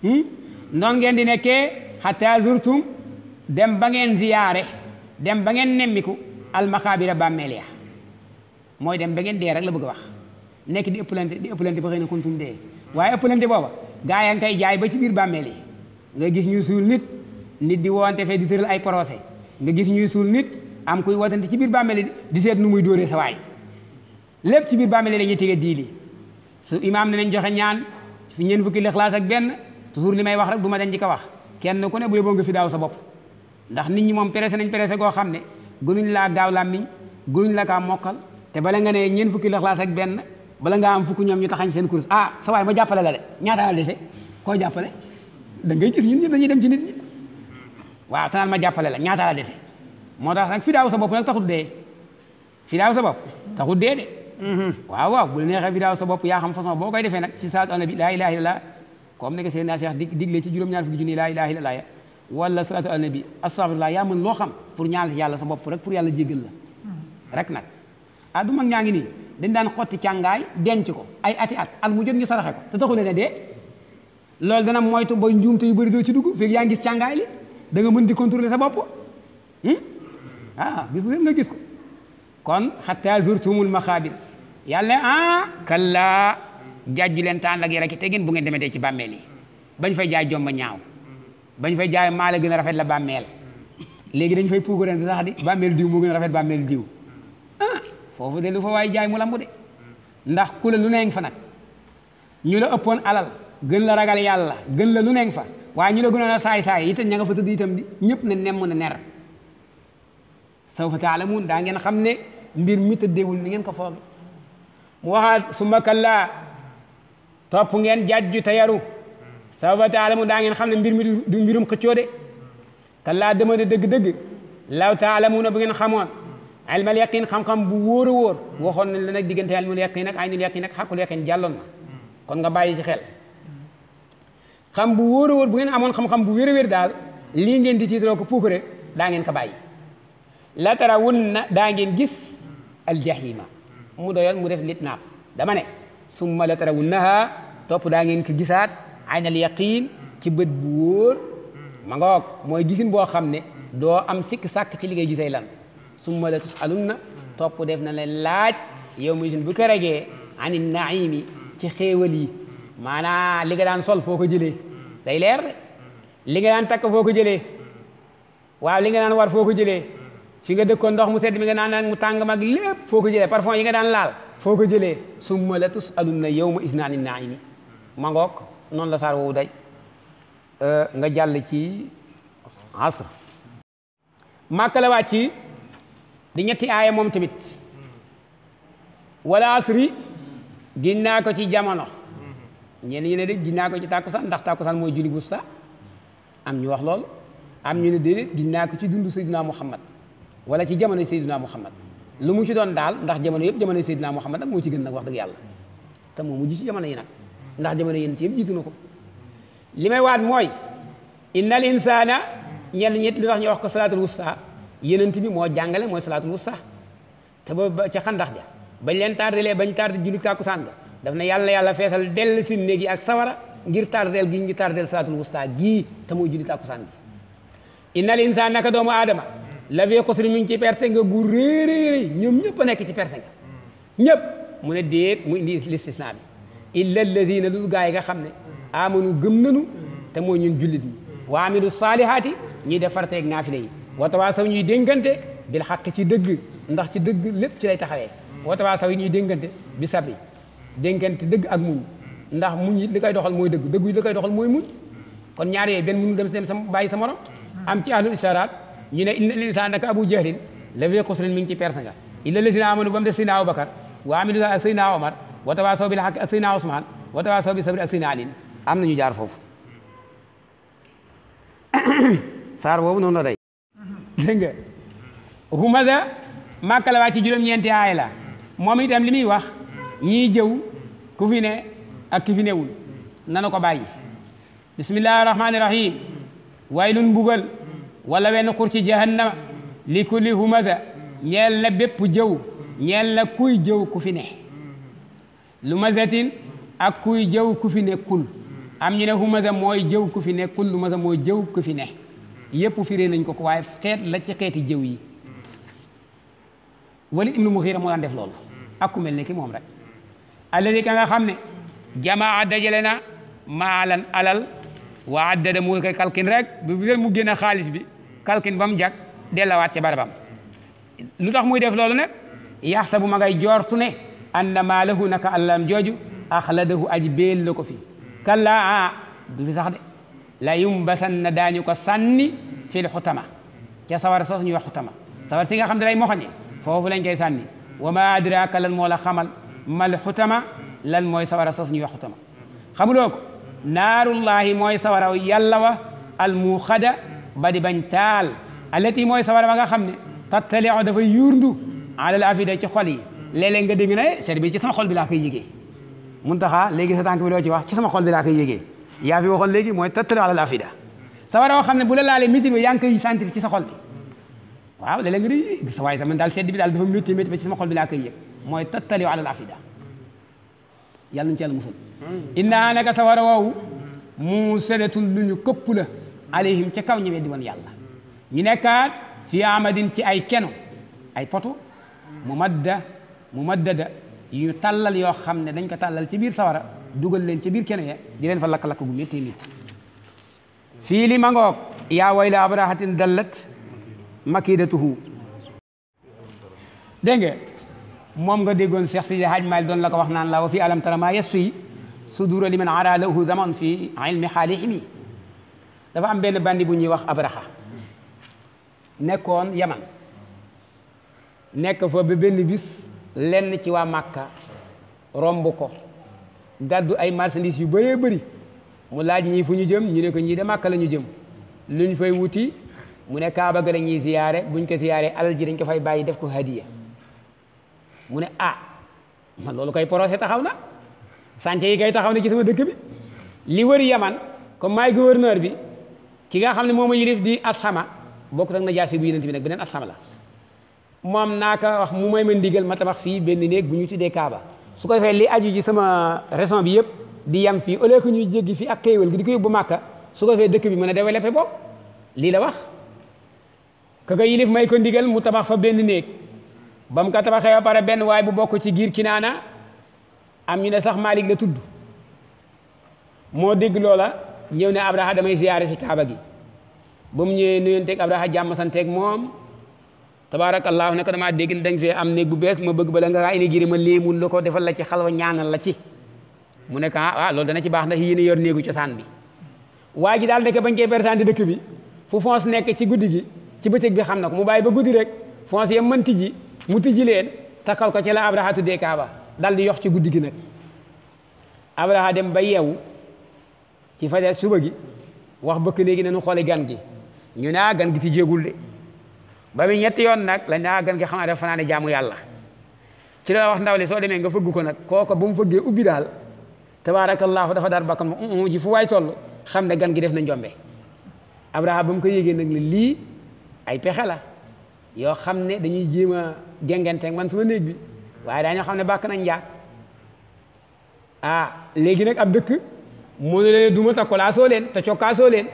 hmm? noon di nekkee xataa zurtum dem ba ngeen ziyaare dem ba ngeen nemmiku almaxaabira bàmmeel ya mooy dem ba ngeen dee rek la bëgg a wax nekk di ëppalante di ëppalante ba xëy na kuntum dee waaye ëppalante booba gaa yaa ngi koy jaay ba ci biir bàmmeel yi nga gis ñuy suul nit nit di woonte fee di tëral ay porose nga gis ñuy suul nit am kuy wootante ci biir bàmmeel yi di seet nu muy dóoree sa waay lépp ci biir bàmmeel yi dañuy tege diili su imaam ne nañ joxe ñaan fi ñeen fukki lixlaas ak benn toujours li wax rek du ma dañ ci ko wax kenn ku ne bu yóbboo nga fi daaw sa bopp ndax nit ñi moom pressé nañ pressé goo xam ne gënuñ laa gaaw làmmiñ gënuñ la kaa mokkal te bala nga ne ñeen fukki lixlaas ak benn bala ngaa am fukki ñoom ñu taxañ seen course ah sa waay ma jàppale la de ñaata la dese koo jàppale da ngay gis ñun ñëpp dañuy dem ci nit ñi tanaan ma jàppale la ñaata la dese moo tax nag fi daaw sa bopp nag taxut dee fi daaw sa bopp taxut dee de mm-hmm. waaw waaw bu la neexee fi yaa xam façon boo koy defee nag ci saatu annabi laa ilaha illallah comme ne ko seen wala salaatu ala nabi astafirullah yaa man loo xam pour ñaanal yàlla sa bopp rek pour yàlla jéggal la hmm. rek nag ah du mag ñaa ngi nii dañ daan xotti càngaay denc ko ay ati at al mu jot ñu saraxe ko te taxu leen a dee loolu dana moytu ba njuumte yu bëri doo ci dugg fekk yaa ngi gis càngaay li da nga di contrôler sa bopp hmm? ah bis bu nga gis ko kon xatta zurtumul maxaabir yàlla ne ah kallaa jaajju leen taan la gi rek tegin bu ngeen demee dee ci bàmmeel yi bañ fay jaay jomba ñaaw bañ fay jaay maale gën a rafet la bàmmeel léegi dañ fay puugarante sax di bàmmeel diw moo gën a rafet bàmmeel diw ah foofu de lu fa waay jaay mu lambu de ndax ku la lu neeng fa nag ñu la ëppoon alal gën la ragal yàlla gën la lu neeng fa waaye ñu la gënoon a saay-saay itam ña nga fa tëdd itam di ñëpp ne nemm na ner sawfa taalamuun daa ngeen xam ne mbir mi tëddeewul ni ngeen ko foogi mu waxaat summa kallaa topp ngeen jajju te yaru sababa taalamu daa ngeen xam ne mbir mi du mbirum xëccoo de kallaa dema de dëgg-dëgg law taalamuuna bu ngeen xamoon ilmal yaqin bu wóor a wóor waxoon nañ la nag diggante ilmul yaqin ak aynul yaqin ak xaqul yaqin jàlloon na kon nga bàyyi ci xel xam bu wóor wor wóor bu ngeen amoon xam-xam bu wér a wér daal lii ngeen di tiitaroo ko puukare daa ngeen ko bàyyi la tarawun na daa ngeen gis aljahima mu doyoon mu def lit naab dama ne summa la tarawunnaha topp daa ngeen ko gisaat aynal yaqiin ci bët bu wóor hmm. ma mooy gisin boo xam ne doo am sikk sàkk ci li ngay gisay lan summa la tusalunna hmm. topp def na leen laaj yow mu isin bu keregee hmm. ani naimi ci xéewal yi maanaa li nga daan sol foo ko jëlee day leer li nga daan takk foo ko jëlee waaw li nga daan war foo ko jëlee fi nga dëkkoon ndox mu sedd mi nga naan nag mu tàng mag lépp foo ko jëlee yi nga daan laal foo ko jëlee summa la tusalunna yawma isin ani naimi ma ngoog noonu la saar woowu daj euh, nga jàll ci asr màkka ci di ñetti aaya moom tamit wala asri ginnaa ko ci jamono ñenn ñu ne de ginnaa ko ci tàkkusaan ndax tàkkusaan mooy julli busta am ñu wax lool am ñu ne déedéet ginnaa ko ci dund Seydina Muhammad wala ci jamono Seydina Muhammad lu mu ci doon daal ndax jamono yëpp jamono Seydina Muhammad nag moo ci gën nag wax dëgg yàlla te moo mujj ci jamono yi ndax jamono yéen ci yëpp ko li may waat mooy inna al insana ñenn ñett li tax ñu wax ko salaatul wusta yenent bi moo jàngale mooy salaatul wusta te ba ca xandax ja bañ leen tardelee bañ tarde julli tàkkusaan ga daf ne yàlla yàlla feesal dell si néeg ak sawara ngir tardeel gi ñu tardeel salaatul wusta gi te mooy julli tàkkusaan gi inna al insana naka doomu aadama la fii xusri mi ci perte nga gu réeréeréy ñoom ñëpp a nekk ci perte nga ñëpp mu ne déet mu indi listisna bi illa alladina lul gaa yi nga xam ne amanu gëm nanu te mooy ñun jullit ñi wa amilu saalihaati ñuy def farteeg naafile yi wa tawaasaw ñuy dénkante bil xaq ci dëgg ndax ci dëgg lépp ci lay taxawee wa tawaasaw yi ñuy dénkante bi sabri dénkante dëgg ak muñ ndax mu it li koy doxal mooy dëgg dëgg yi li koy doxal mooy muñ kon ñaar yooyu benn mu dem si dem sa bàyyi sa morom am ci ahlul isharat ñu ne inna linsaan naka abu jahlin la fi xusrin ngi ci perse nga illa lazina amanu ba mu des sayyidina abubakar wa amilu ak wa tawaasaw bil haqq ak Seydina Ousmane wa tawaasaw bi sabri ak Seydina Ali am nañu jaar foofu saar boobu noonu la day dégg nga humaza waa ci juróom-ñeenti aay la moom itam li muy wax ñii jëw ku fi ne ak ki fi newul nanu ko bàyyi bismillahi rahmaani rahim waylun mbugal wala wenn xur ci jahannama li kulli humaza ñeel na bépp jëw ñeel na kuy jëw ku fi ne lu mazatin ak kuy jëw ku fi kul am ñu ne humaza mooy jëw ku fi nekkul lu maza mooy jëw ku fi ne yëpp firee nañ ko ko waaye xeet la ci xeeti jëw yi Walid ibnu Muxiira moo daan def loolu ak ku mel ne ki moom rek alladi ka nga xam ne jamaa dajale na maalan alal wa addada mu koy kalkin rek bu dee mu génne xaalis bi kalkin ba mu jag dellawaat ca barabam lu tax muy def loolu nag yaxsabu ma ngay joortu ne anna maa lahu naka àllam jooju axladahu aj béel la ko fi kallaa a du fi sax de la yumbasanna daañu ko sànni fil xutama ca sawar soos ñuy wax xutama sawar si nga xam ne lay moxoñe foofu lañ koy sànni wa ma adraka lan moo la xamal mal xutama lan mooy sawara soos ñuy wax xutama xamuloo ko naarullahi mooy sawaraw yàlla wa al muuxada ba di bañ taal allati mooy sawara ba nga xam ne dafay dafa yuurndu alal afida ci xol yi léeg-léeg nga dégg ne seet bi ci sama xol bi laa koy yëgee muntaxaa léegi sa tànk loo ci wax ci sama xol bi laa koy yëgee yaa fi waxoon léegi mooy tattalo ala lafida sawara woo xam ne bu la laalee mitir bi yaa ngi koy sentir ci sa xol waaw léeg sa waay sa daal sedd bi daal dafa métti métti ba ci sama xol bi laa koy yëg mooy tattalo ala lafida yàlla nañu ci yàlla musul innaa naka sawara woowu mu sedatun lu ñu këpp la alayhim ca kaw ñëwee di woon yàlla ñu nekkaat fi amadin ci ay keno ay poto mu madda mu mumaddada yu tàllal yoo xam ne dañ ko tàllal ci biir sawara dugal leen ci biir kene ya di leen fa lakk-lakk gu métti fii li ma ngoog yaa wayla abrahatin dallat makidatuhu dégg nga moom nga déggoon Cheikh Sidi Hadj Maal doon la ko wax naan la wa fi alam tara maa yasfi sudura liman ara lahu zaman fi ilmi xaalihimi dafa am benn bandi bu ñuy wax abraha nekkoon yaman nekk fa ba benn bis lenn ci waa Màkka romb ko gàddu ay marchandises yu bëree bëri mu laaj ñii fu ñu jëm ñu ne ko ñii de Màkka la ñu jëm luñ fay wuti mu ne Kaaba ga la ziyaare buñ ko ziyaare alal ji dañ ko fay bàyyi def ko hadiya mu ne ah ma loolu koy projet taxaw na sance yi kay taxaw na ci sama dëkk bi li wër yaman comme may gouverneur bi ki nga xam ne moom a yilif di asxama bokkut ak najaasi bu yenent bi nag beneen asxama la moom naa ko wax mu may ma ndigal ma tabax fii benn néeg bu ñu tuddee Kaaba su ko defee li aju ci sama reson bi yëpp di yem fii au lieu ñuy jéggi fii ak xéewal gi di ko yóbbu Màkka su ko defee dëkk bi mën a développé bopp lii la wax ka ko yilif tabax fa benn néeg ba mu pare benn waay bu bokk ci giir Kinaana am ñu ne sax Malik la tudd moo dégg loola ñëw ne Abraha damay ziyaare ci Kaaba gi ba mu ñëwee nuyonteeg Abraha jàmm santeeg moom tabaarakallaahu ne ko damaa dégg ne da nga fee am néeg bu bees ma bëgg bala nga kaa inauguré ma léemul la ko defal la ci xalwa ñaanal la ci mu ne ah waaw loolu dana ci baax ndax yéen a yor néegu cosaan bi waa ji daal nekk bañ koy persanti dëkk bi fu fonce nekk ci guddi gi ci bëccëg bi xam na ko mu bàyyi ba guddi rek fonce yem mën tijji mu tijji leen takkal ko ci la abraha tuddee kaaba dal di yox ci guddi gi nag abraha dem ba yeewu ci fajar suba gi wax bëkk léegi nañu xoole gan gi ñu ne ah, gan gi ci jéegul de ba bi ñetti yoon nag lañ daa gën gi xam ne dafa fanaane jaamu yàlla ci la wax ndaw li soo demee nga fëgg ko nag kooko ba mu fëggee ubbi daal tabaarakallaahu dafa daal bakkan mu mm, mm, ji fu waay toll xam ne gan gi def na njombe abraha ba mu ko yégee nag lii ay pexe la yoo xam ne dañuy jéem a gengenteeg man sama néeg bi waaye daañoo xam ne bàkk nañ njaag ah léegi nag ab dëkk moo ne leen duma takko laa leen te cokkaasoo leen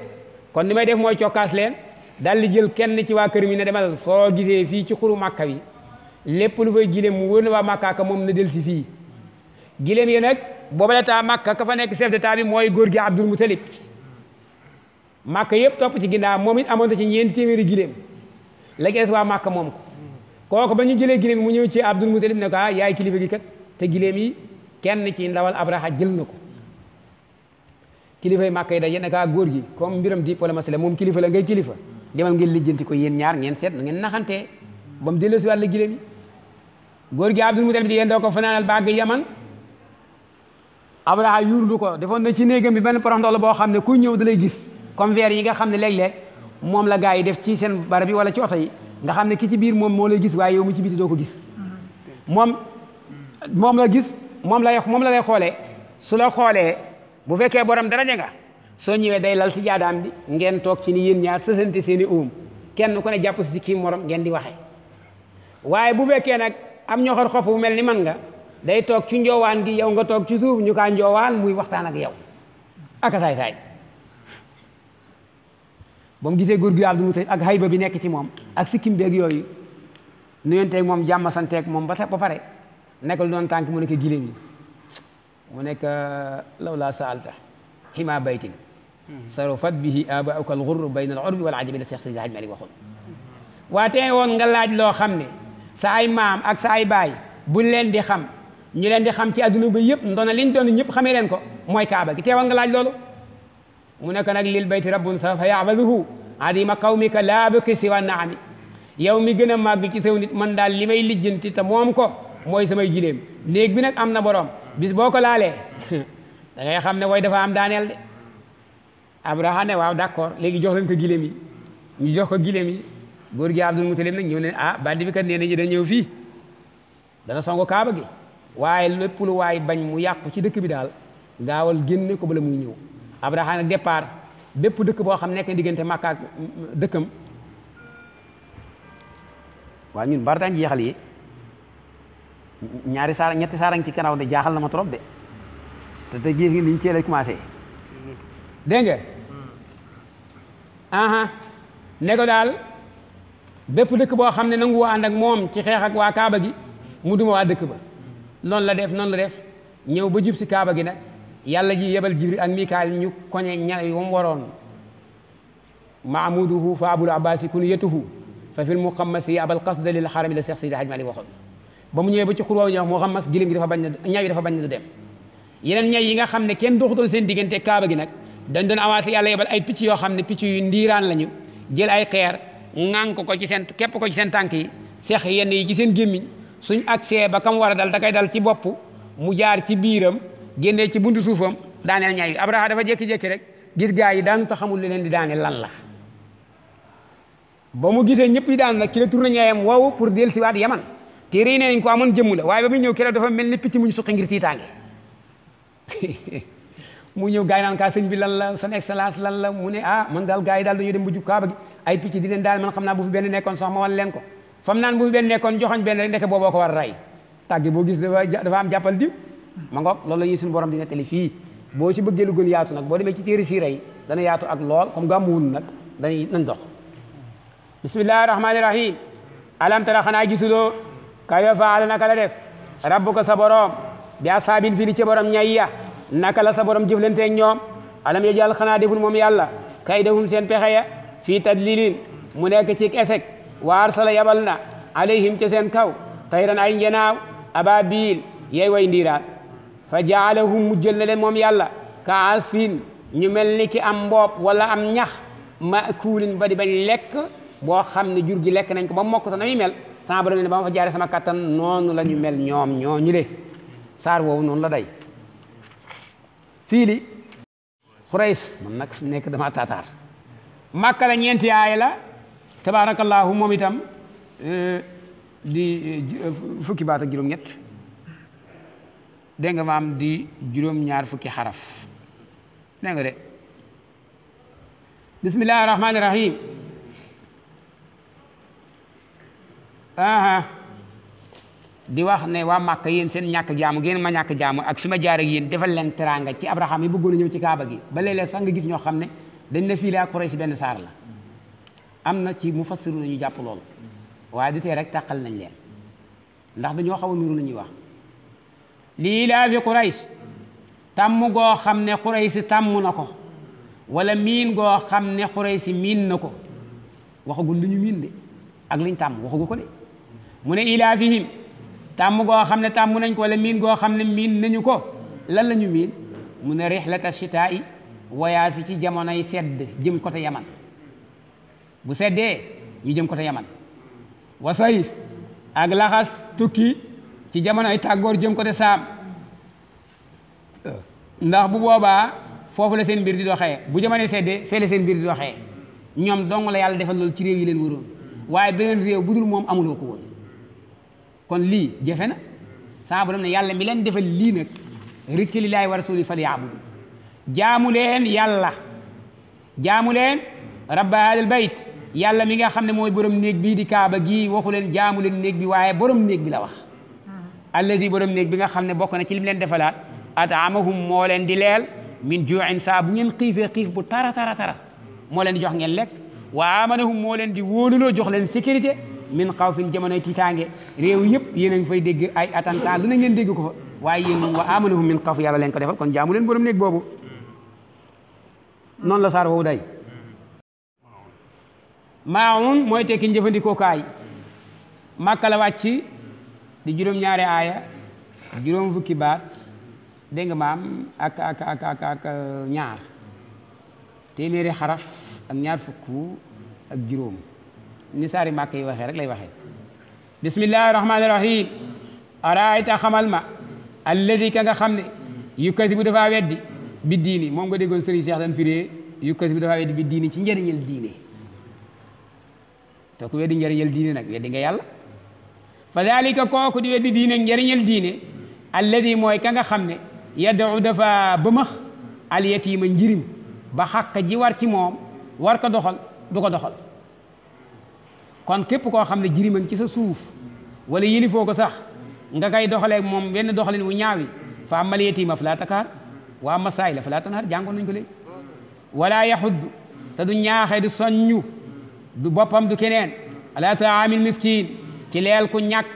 kon li may def mooy cokkaas leen dal di jël kenn ci waa kër mi ne demal soo gisee fii ci xuru màkka wi lépp lu fay gileem mu wóor na waa màkkaaka moom na del si fii gileem yi nag booba la taa màkka ka fa nekk chef d'état bi mooy góor gi Abdul Mutalib màkka yëpp topp ci ginnaaw moom it amoon na ci ñeenti téeméeri gileem la gees waa màkka moom ko kooku ba ñu jëlee gileem mu ñëw ci Abdul Mutalib ne ko ah, yaay kilifa gi kat te gileem yi kenn ci ndawal Abraha jël na ko kilifa yi màkka yi daje ne ko ah góor la moom kilifa la ngay kilifa demal ngeen lijjanti ko yéen ñaar ngeen seet na ngeen naxantee ba mu dellu si wàllu gileem yi góor gi Abdul di yen doo ko fanaanal bàgg yaman Abraha yuurdu ko defoon na ci néegam bi benn porox ndox boo xam ne ku ñëw da lay gis comme verre yi nga xam ne léeg-léeg moom la gars yi def ci seen barab yi wala ci oto yi nga xam ne ki ci biir moom moo lay gis waaye yow ci biti ko gis moom moom la gis moom lay moom la lay xoolee su la xoolee bu fekkee borom daraja nga soo ñëwee day lal si jaadaan bi ngeen toog ci ni yéen ñaar sësante seen i kenn ku ne jàpp si kii morom ngeen di waxee waaye bu fekkee nag am ñoxor xof bu mel ni man nga day toog ci njoowaan gi yow nga toog ci suuf ñu kaa njoowaan muy waxtaan ak yow aka saay saay ba mu gisee góor gi Abdul ak xayba bi nekk ci moom ak sikkim beeg yooyu nuyonteeg moom jàmm santeeg moom ba ba pare nekkal doon tànk mu nekk giléem yi mu nekk euh, law laa saalta xima baytin Hmm. sarofat bihi abauka alxurr bayna al orbi wal la loo xam ne sa ay maam ak sa ay baay buñ leen di xam ñu leen di xam ci adduna bi yëpp ndoona liñ doon ñëpp xamee leen ko mooy kaaba gi teewoon nga laaj loolu mu nekk nag lil bayti rabbun sa fa yahfaduhu adima qawmika laa bukki siwa naami yow mi gën a màgg ci saw man daal li may lijjanti te moom ko mooy samay jiléem néeg bi nag am na borom bis boo ko laalee da ngay xam ne wooy dafa am daaneel de Abraha ne waaw d'accord léegi jox leen ko gileem yi ñu jox ko gileem yi góor gi Abdul Mutalib nag ñëw ne ah bandi bi kat nee nañu da ñëw fii dana songo kaaba gi waaye lépp lu waay bañ mu yàqu ci dëkk bi daal gaawal génne ko bala muy ñëw Abraha nag départ bépp dëkk boo xam nekk diggante Makka ak mm, mm, dëkkam waañu ñun bari daan jeexal yi ñaari saara ñetti saara ci kanaaw da jaaxal na ma trop de te te gis nga liñ cee lay commencé dégg aha ne ko daal bépp dëkk boo xam ne nangu ànd ak moom ci xeex ak waa kaaba gi mu duma waa dëkk ba noonu la def noonu la def ñëw ba jub si kaaba gi nag yàlla ji yebal jibril ak mikaal ñu koñe ña yom waroon maamuduhu fa abul abbasi kuniyatuhu fa fil muqammasi abal qasda lil xarami la seex sidi haj malik waxoon ba mu ñëwee ba ci xurwa ñëw muqammas gilim gi dafa bañ na dafa bañ na du dem yeneen ñay yi nga xam ne kenn doxutoon seen diggante kaaba gi nag dañ doon avancé yàlla yebal ay picc yoo xam ne picc yu ndiiraan lañu jël ay xeer ŋànk ko ci seen képp ko ci seen tànk yi seex yenn yi ci seen gémmiñ suñ agsee ba kam war a dal da koy dal ci boppu mu jaar ci biiram génnee ci buntu suufam daaneel ñaay bi Abraha dafa jékki-jékki rek gis gaa yi daan ta xamul li leen di daane lan la ba mu gisee ñëpp yi daan nag ci la tourné ñaayam woowu pour del siwaat yaman téere yi nee nañ ko amoon jëmm la waaye ba muy ñëw keroog dafa mel ni picc muñ suqi ngir tiitaange mu ñëw gaay naan kaa sëñ bi lan la son excellence lan la mu ne ah man daal gaay yi daal dañuy dem bu jub kaaba gi ay picc di leen daal man xam naa bu fi benn nekkoon sax ma wan leen ko fam naan bu fi benn nekkoon joxoñ benn rek ndeke booboo ko war ray tàggi boo gis dafa am jàppal diw ma ngoog loolu la ñuy suñu borom di nettali fii boo ci bëggee lu gën yaatu nag boo demee ci téere siira dana yaatu ak lool comme gàmmuwun nag dañuy nañ bismillahi rahmaani rahim sa borom bi asaabil fili naka la sa borom jëflanteeg ñoom alam yajal xanaa deful moom yàlla kaydahum seen pexe ya fii tadlilin mu nekk ci esek wa arsala yabal na alayhim ca seen kaw tayran ay njanaaw ababil yey way ndiiraan fa jaalahum mu jël na leen moom yàlla ka asfin ñu mel ni ki am mboob wala am ñax maakuulin ba di bañ lekk boo xam ne jur gi lekk nañ ko ba mokk ta na mel sama borom ne ba ma fa jaare sama kattan noonu la ñu mel ñoom ñoo ñu le saar woowu noonu la day fiili xurays man nag nekk dama taataar màkka ñeenti aaya la tabaarakallaahu moom itam euh, di euh, fukki baat juróom-ñett dégg nga maam di juróom-ñaar fukki xaraf dégg de bismillaahi rahmaani aha di wax ne waa Màkka yéen seen ñàkk jaamu ngeen ma ñàkk jaamu ak fi ma jaar ak yéen defal leen teraanga ci abraham yi bëggoon a ñëw ci kaaba gi ba léeg-léeg sax gis ñoo xam ne dañ na fii la Quraysh benn saar la am na ci mu mufassiru ñu jàpp loolu waaye waa tee rek tàqal nañ leen ndax dañoo xaw a nuru lu ñuy wax li laa fi Quraysh tàmm goo xam ne Quraysh tàmm na ko walla miin goo xam ne Quraysh miin na ko waxagul lu ñu miin de ak liñ tàmm waxagu ko tàmm goo xam ne tàmm nañ ko wala miin goo xam ne miin nañu ko lan lañu ñu miin mu ne rihlata chitaa yi voyage ci jamonoy sedd jëm côté yaman bu seddee ñu jëm côté yaman wasay ak laxas tukki ci jamonoy tàggoor jëm côté saam ndax bu boobaa foofu la seen mbir di doxee bu jamonoy seddee fee seen mbir di doxee ñoom dong la yàlla defal loolu ci réew yi leen waroon waaye beneen réew bu moom amuloo ko woon kon lii jafe na saa borom yàlla mi leen defal lii nag rikki lillaahi wa rasuli fal yaabudu jaamu leen yàlla jaamu leen rabba hadal bayt yàlla mi nga xam ne mooy borom néeg bii di kaaba gi waxu leen jaamu leen néeg bi waaye borom néeg bi la wax hmm. allazi borom néeg bi nga xam ne bokk na ci lim leen defalaat ataamahum moo leen di leel min juuin saa bu ngeen xiifee xiif bu tara tara tara moo leen di jox ngeen lek wa amanahum moo di wóoluloo jox leen sécurité min xawfin jamonoy tiitaange réew yëpp yéen a ngi fay dégg ay attentat lu ne ngeen dégg ko fa waaye yéen moom wa amanahum min xawf yàlla leen ko defal kon jaamu leen borom néeg boobu noonu la saar woowu day maaun mooy tekki njëfandikoo kaay màkka la wàcc di juróom-ñaari aaya juróom fukki baat dégg maam ak ak ak ak ak ñaar téeméeri xaraf ak ñaar fukk ak juróom ni saari màkk yi waxee rek lay waxee bismillahi rahmaani rahim araayta xamal ma alladi ka nga xam ne yukkasi bu dafa weddi bi diini moom nga déggoon sëriñ Cheikh dan firée yu bu dafaa weddi bi diini ci njëriñal diine te ku weddi njëriñal diine nag weddi nga yàlla fa dalika kooku di weddi diine njëriñal diine alladi mooy ka nga xam ne yaddu dafa bëmax al yatiima njirim ba xàq ji war ci moom war ko doxal du ko doxal kon képp koo xam ne jirima ci sa suuf wala foo ko sax nga kay doxaleeg moom benn doxalin wu ñaawi fa amal yetiima falaa takaar wa amma saayila falaa tanhar jàngoon nañ ko léegi wala yaxudd te du ñaaxe du boppam du keneen ala taamil ci leel ku ñàkk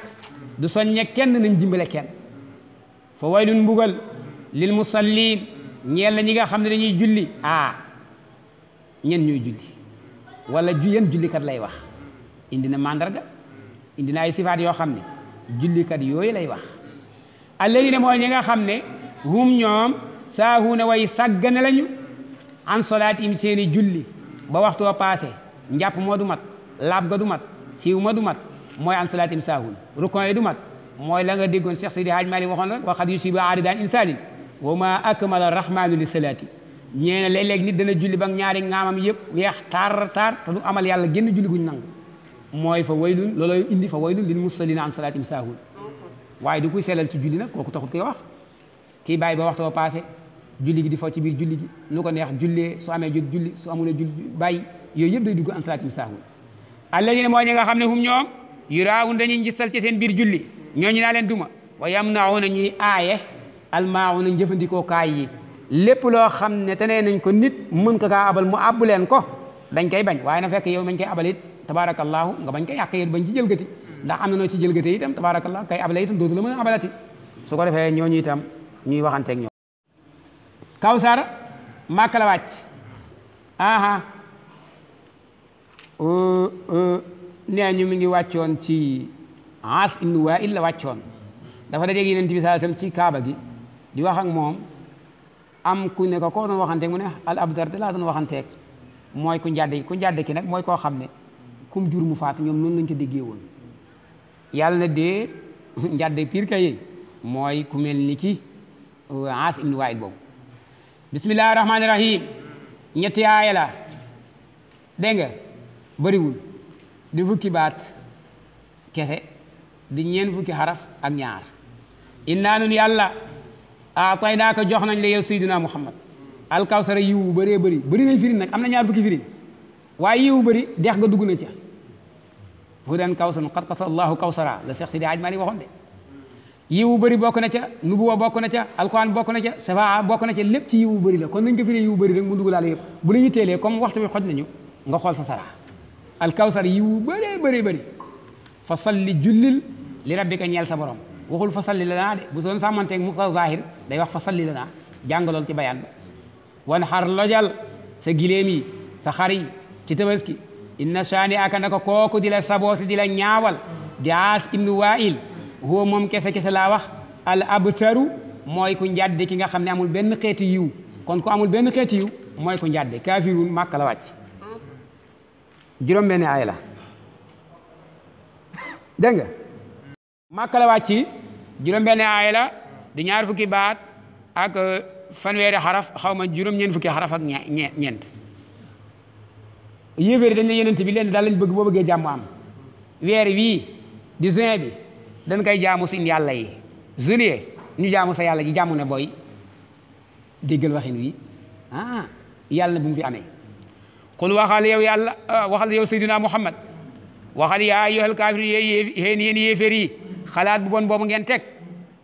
du soññe kenn nañ dimbale kenn fa waylun mbugal lil musallin ñeel na ñi nga xam ne dañuy julli ah ñen ñuy julli wala lay wax indi na màndarga indi na ay sifaat yoo xam ne jullikat yooyu lay wax alladina mooy ñi nga xam ne hum ñoom saahuuna way sàggane lañu an solaatihim seeni julli ba waxtoo passé njàpp moo du mat laab ga du du mat mooy an solaatihim saahuun rukon yi du mooy la nga déggoon Cheikh Sidi Haaj Maalik waxoon rek waxat yu si ba aari insaanin wa ma akmala rahmaanu li salaati ñee ne léeg julli ba ñaari ngaamam yëpp weex tar tar te du amal yàlla mooy fa waylun loolooy indi fa li lil musallina an salaatim saahun waaye du kuy selal ci julli nag kooku taxut koy wax kii bàyyi ba waxtoo passé julli gi di fo ci biir julli gi nu ko neex jullee su amee jot julli su amulee julli bàyyi yooyu yëpp day dugg an salaatim saahun alladina mooy ñi nga xam ne hum ñoom yuraawun dañuy gisal ci seen biir julli ñooñu naa leen duma wa yamnaawuna ñuy aaye almaawuna njëfandikoo kaay yi lépp loo xam ne te nañ ko nit mën ko kaa abal mu abbu leen ko dañ koy bañ waaye na fekk yow mañ koy abal tabaarakallaahu nga bañ ko yàq yéen bañ ci jëlgati ndax am na noo ci jëlgati itam tabaarakallaahu kay abale itam dootu la mën a abalati su ko defee ñooñu itam ñuy waxanteeg ñoom kawsar màkka la wàcc aha nee ñu mi ngi wàccoon ci Aas ibnu Waa'il la wàccoon dafa dajeeg Yonent bi sallallahu alayhi ci Kaaba gi di wax ak moom am ku ne ko koo mu ne al abdar de laa doon waxanteeg mooy ku njàdd ki ku njàdd ki nag mooy koo xam ne kum jur mu faatu ñoom noonu lañ ko déggee woon yàlla na dee njàdde piir kay mooy ku niki ni ki euh, Aas ibn Waa'il boobu bismillahi rahmaani rahim ñetti aaya la dégg nga bëriwul di fukki baat kese di ñeen fukki xaraf ak ñaar innaa nun yàlla aatay naa ko jox nañ la yow sayyidina muhammad alkawsara yiwu bëree bëri bëri nañ firin nag am na ñaar fukki firin waaye yiwu bëri dex nga dugg na ci hudan kawsan qad qasa allahu kawsara la Cheikh Sidi Ajmari waxoon yiwu bëri bokk na ca nubuwa bokk na ca alquran bokk na ca safaa bokk na ca lépp ci yiwu bëri la kon nañ ko fi ne yiwu bëri rek mu dugg laal yëpp bu la yitteelee comme waxtu bi xoj sa sara alkawsar yiwu bëree bëri bëri fa jullil li rabbika ñeel sa borom waxul fa salli lanaa de bu soon sàmmanteeg muxtar zahir day wax fa salli lanaa jàngalool ci bayaan ba wan xar lojal sa giléem yi sa xar yi tabaski inna saani aka naka kooku di la sabooti di la ñaawal di aas ibnu waa'il huwa moom kese kese laa wax al abtaru mooy ku njaddi ki nga xam ne amul benn xeeti yiw kon ku amul benn xeeti yiw mooy ku njaddi kaafiruun màkk la wàcc juróom benn aay la dégg nga màkk la la di ñaar fukki baat ak fanweeri xaraf xaw ma juróom ñeent fukki xaraf ak ñeent yéeféer dañ ne yonent bi leen daal lañ bëgg boo bëggee jàmm am weer wii di juin bi dañ koy jaamu suñu yàlla yi juillet ñu jaamu sa yàlla ji jàmm ne booy déggal waxin wi ah yàlla na bu mu fi amee qul waxal yow yàlla ah, waxal yow sayyidina muhammad waxal yaa ayyuhal kaafiruun yéen yéen yéeféer yi xalaat bu bon boobu ngeen teg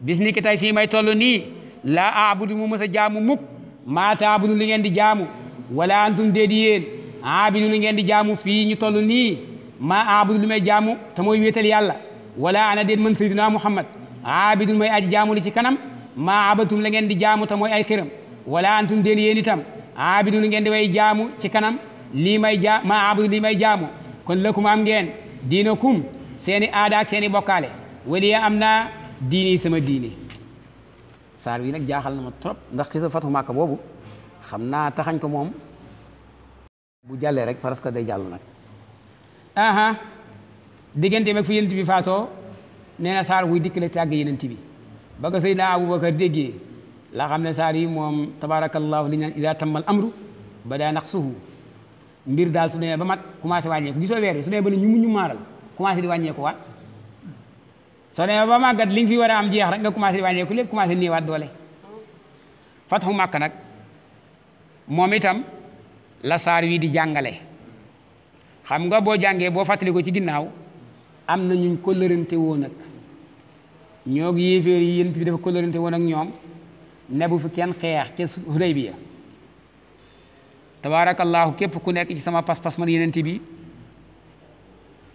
bis ni ki tey fii may toll nii laa aabudu mu mës a jaamu mukk maa taabudu li ngeen di jaamu wala antum déedi yéen aabidu lu ngeen di jaamu fii ñu toll nii maa aabudu lu may jaamu te mooy wéetal yàlla wala ana déet man sayyidina muhammad aabidu may aji jaamu li ci kanam maa abatum la ngeen di jaamu mooy ay këram wala antum yéen itam aabidu ngeen di way jaamu ci kanam lii may jaa maa may jaamu kon lëkkum am ngeen diinakum seeni aada ak seeni bokkaale waliya am naa diini sama diini saar wi nag jaaxal na ma trop ndax xisa fato màkka boobu xam naa taxañ ko moom bu jàllee rek parce que day jàll nag aha diggante mag fi yenent bi faatoo nee na saar wuy dikk la tàgg yenent bi ba ko Seydina Aboubacar déggee laa xam ne saar yi moom tabarakallahu li ñaan ida tammal amru ba daa nax suhu mbir daal su demee ba mat commencé wàññeeku gisoo weer bi su demee ba ne ñu mu ñu maaral commencé di wàññeeku waat soo demee ba màggat li nga fi war a am jeex rek nga commencé di wàññeeku lépp commencé néewaat doole fataxu màkk nag moom itam la saar wi di jàngale xam nga boo jàngee boo fàttali ko ci ginnaaw am na ñuñ kóllërante woon ak ñoo ngi yi yént bi dafa kóllërante woon ak ñoom ne bu fi kenn xeex bi Hudaybiya tabaarakallaahu képp ku nekk ci sama pas-pas man yenent bi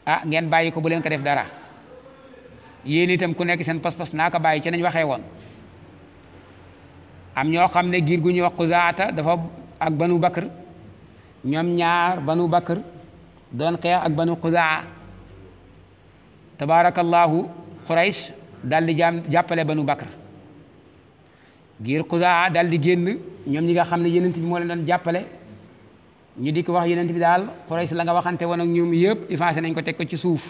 ah ngeen bàyyi ko bu leen ko def dara yéen itam ku nekk seen pas-pas naa ko bàyyi ci nañ waxee woon am ñoo xam ne giir gu ñuy wax Xuzaata dafa ak Banu Bakr ñoom ñaar banu bakr doon xeex ak banu xudaa tabarakallahu quraish dal di jam jàppale banu bakr giir xudaa dal di génn ñoom ñi nga xam ne yenent bi moo leen doon jàppale ñu di ko wax yenent bi daal quraish la nga waxante woon ak ñoom yëpp effacé nañ ko teg ko ci suuf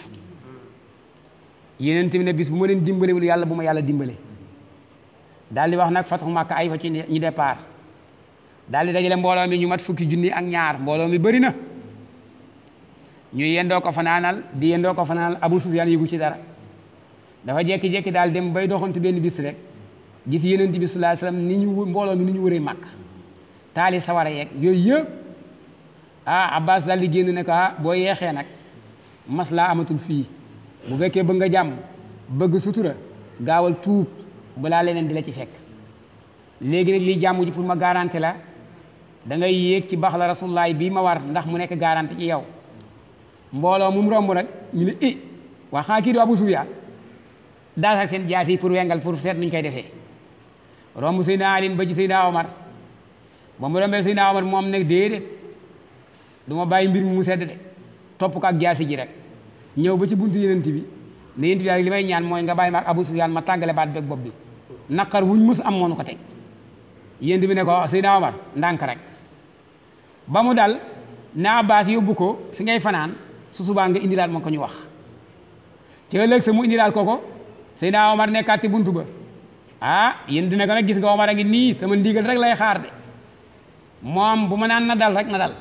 yenent bi ne bis bu ma leen dimbalewul yàlla bu ma yàlla dimbale daal di wax nag fataxu màkk ay fa ci ñu départ daal di dajale mbooloo mi ñu mat fukki junni ak ñaar mbooloo mi bari na ñu yendoo ko fanaanal di yendoo ko fanaanal Abu Sufyaan yëgu ci dara dafa jekki-jekki daal dem bay doxantu benn bis rek gis yeneen bi sallallahu alayhi wasallam ni ñu mbooloo mi ni ñu waree màkk taali sawara yeeg yooyu yëpp ah Abbas daal di génn ne ko ah, boo yeexee nag mas laa amatul fii bu fekkee bëgg nga jàmm bëgg sutura gaawal tuub balaa leneen di la ci fekk léegi nag lii jàmm ji ma garanti la da ngay yéeg ci baax la bii ma war ndax mu nekk garanti ci yow mbooloo mu romb nag ñu ne i eh, waa xanaa kii du Abu daal seen jaas yi pour wengal pour seet nuñ koy defe romb Seydina Alin ba ci Seydina Omar ba mu rombee Seydina Omar moom nag déedéet du bàyyi mbir mi mu sedd de topp ko ak jaasi ji rek ñëw ba ci buntu yenent bi ne yenent bi ak li may ñaan mooy nga bàyyi ma ak Abu ma tàggale baat beeg bopp bi naqar wuñ mus am moonu ko teg yenent bi ne ko Seydina Omar ndànk rek ba mu dal ne Abbas yóbbu ko si ngay fanaan su subaa nga indilaat ma ko ñu wax te ëllëg sa mu indilaat ko ko Seydina Omar nekkaat ci buntu ba ah yéen dina ko nag gis nga Omar a ngi nii sama ndigal rek lay xaar de moom bu ma naan na dal rek na dal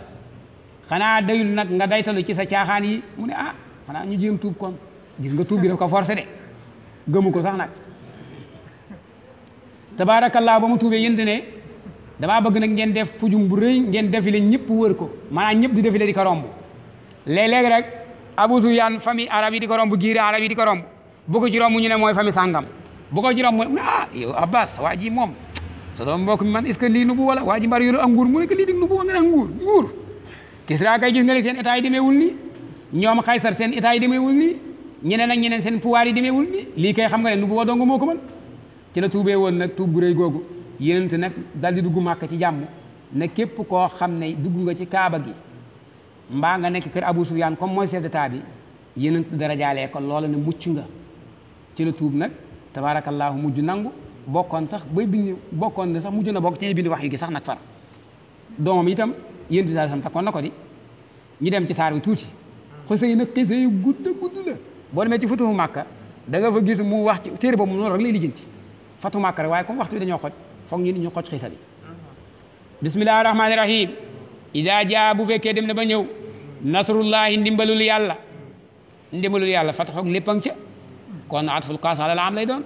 xanaa dayul nag nga daytalu ci sa caaxaan yi mu ne ah xanaa ñu jéem tuub kon gis nga tuub bi daf ko forcé de gëmu ko sax nag tabaarakallaa ba mu tuubee yéen ne. damaa bëgg nag ngeen def fujum bu rëy ngeen defile ñëpp wër ko maanaam ñëpp di defile di ko romb léeg-léeg rek Abu Sufyaan famille arab yi di ko romb giiri arab yi di ko romb bu ko ci romb ñu ne mooy famille sàngam bu ko ci romb mu ne ah yow Abbas waa ji moom so mbokk mi man est-ce que lii nubu wala waa ji mbar yoonu ak nguur mu ne que lii di nubu nga ne nguur nguur Kisra kay gis seen état yi demeewul nii ñoom Xaysar seen état yi demeewul nii ñeneen ak seen pouvoir yi demeewul lii kay xam nga ne nubu wa dong ko mën ci woon nag tuub bu yénente nag dal di dugg màkk ci jàmm na képp koo xam ne dugg nga ci kaaba gi mbaa nga nekk kër Abu Sufyaan comme mooy chef d'état bi yénent dara jaalee ko loola na mucc nga ci la tuub nag tabaarakallaahu mujj nangu bokkoon sax bay bind bokkoon ne sax mujj na bokk ci bind wax yu gi sax nag far doomam itam yénent bi sam takkoon na ko di ñu dem ci saar wi tuuti ko yi na xëse yu gudd la boo demee ci futuhu màkka da nga fa gis mu wax ci téere mu noonu rek lay lijjanti fatu màkka rek waaye comme waxtu bi dañoo xoj foog ñu ni ñu xoj xisa bi bismillahi rahmaani rahim ida jaa bu fekkee dem na ba ñëw nasrullahi ndimbalul yàlla ndimbalul yàlla fataxoog léppang ca kon atful kaas ala am lay doon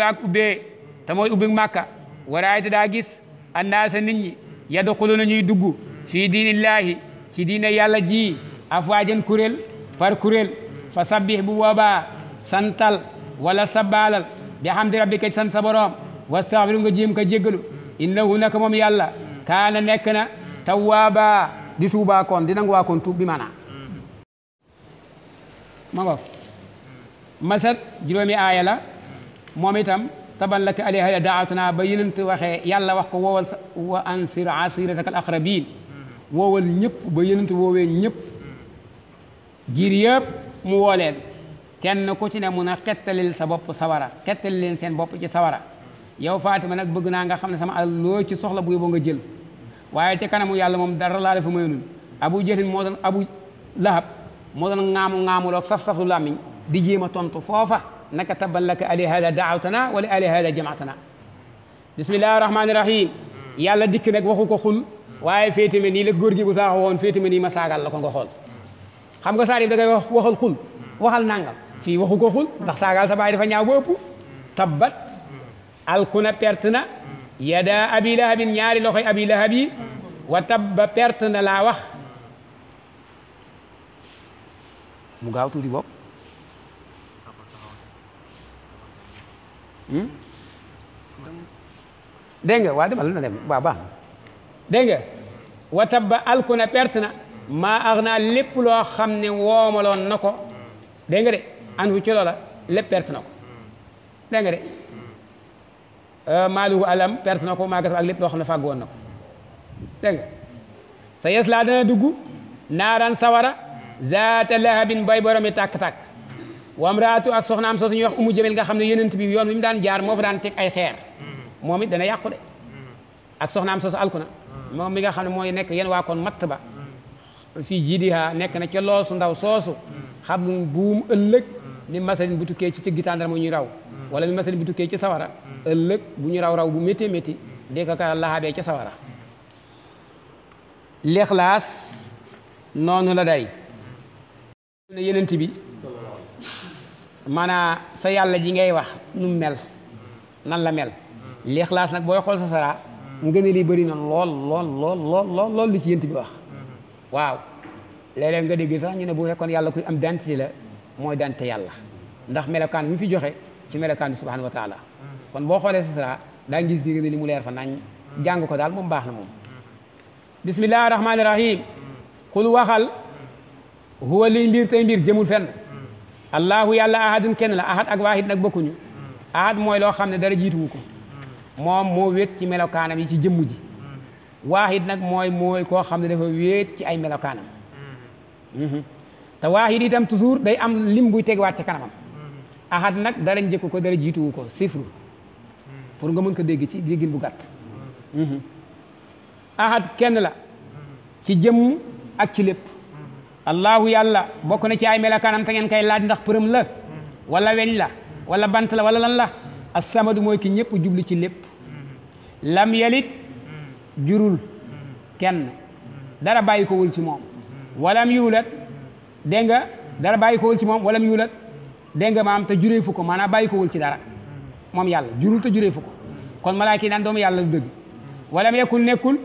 ak ubbee te mooy ubbi màkka waraay te daa gis annaasa nit ñi yadxuluna ñuy dugg fii diinillaahi ci diine yàlla ji afwaajan kuréel par kuréel fa sabbih bu boobaa santal wala sabbaalal bi hamdi rabbika ci sant sa boroom wastaxfiru nga jéem ka jéggalu innahu naka moom yàlla kaana nekk na tawaaba di tuubaa kon di nangu waa kon tuub bi maanaa ma ngoog masat juróomi aaya la moom itam taban laka alayha daatuna ba yëlant waxee yàlla wax ko woowal wa ansir asirataka al aqrabin woowal ñëpp ba yëlant woowee ñëpp giir yëpp mu woo leen kenn ku ci ne mun a xettalil sa bopp sawara xettalil leen seen bopp ci sawara yow Fatima nag bëgg naa nga xam ne sama alal loo ci soxla buy yóbbu nga jël waaye ca kanamu yàlla moom dara laa la fa mayoonul abu jëlin moo doon abu lahab moo doon ŋaamu ŋaamuloog saf-saflu làmmiñ di jéem a tontu foofa naka tabban laka ali hada daawtana wala ali hada jamaatana bismillahi rahmaani rahim hmm. yàlla dikk nag waxu ko xul hmm. waaye féete ma nii la góor gi bu saax woon ma saagal la ko nga xool hmm. xam nga saarif da ngay wax waxal xul waxal nàngam fii waxu xul ndax saagal sa baay ñaaw ba ëpp tabbat alkuna perte na yada abi lahabin ñaari loxoy yi wa tabba perte na laa wax mu gaaw tuuti bopp hmm? dégg nga na dem waa baax dégg alkuna perte na maa ax naa lépp loo xam ne woomaloon na ko dégg nga de an fu loola lépp perte na ko dégg de Euh, maaluhu alam perte na ko maa kasab ak lépp loo xam na ko dégg nga sa yes laa dana dugg naaraan sawara zaata lahabin bay boromi tàkk-tàkk wam raatu ak soxnaam soo suñuy wax umu jëmel nga xam ne yenent bi yoon wi mu daan jaar moo fa daan teg ay xeer mm-hmm. moo it dana yàqu de mm-hmm. ak soxnaam soosu alku na mm-hmm. moom mi nga xam ne mooy nekk yen waa kon matt ba fi jiidiha nekk na ca loosu ndaw soosu xam buum ëllëg mi masalin bu tukkee ci cëggi tàndara moo ñuy raw wala mi masalin bu tukkee sawara ëllëg bu ñu raw raw bu mettee métti dee ko ka laxaabee ca sawara lixlaas noonu la day ne yenent bi maanaa sa yàlla ji ngay wax nu mel nan la mel lixlaas nag booy xool sa sara ngëne li bëri na lool lool lool lool li ci yent bi wax waaw léeg nga dégg sax ñu ne bu fekkoon yàlla kuy am dante la mooy dante yàlla ndax melokaan mi fi joxe ci melokaan bi subhanahu kon boo xoolee Isra daa ngi gis diir li mu leer fa nañ mm. jàng ko daal moom baax na moom mm. bismillahi rahmaani rahim mm. waxal huwa liy mbir tey mbir jëmul fenn allahu yàlla ahadun kenn la ahad ak waahid nag bokkuñu ahad mooy loo xam ne dara jiituwu ko moom moo wéet ci melokaanam yi ci jëmm ji waahid nag mooy mooy koo xam ne dafa wéet ci ay melokaanam mhm. te waahid itam toujours day am lim buy tegwaat ci kanamam ahad nag dara njëkku ko dara jiituwu ko sifru pour nga mën ko dégg ci déggin bu gàtt mm-hmm. ahad kenn la ci jëmm ak ci lépp allahu yàlla bokk na ci ay melokaanam te ngeen koy laaj ndax përëm la wala weñ la wala bant la wala lan la assamadu mooy ki ñëpp jubli ci lépp lam yalit jurul kenn dara bàyyi ko wul ci moom walam yuulat dégg nga dara bàyyi ko wul ci moom walam yuulat dégg nga maam te juree fu ko maanaam bàyyi ko wul ci dara moom yàlla jurul te jure fu ko kon malaaka yi naan doomu yàlla du dëgg wala mu yekkul nekkul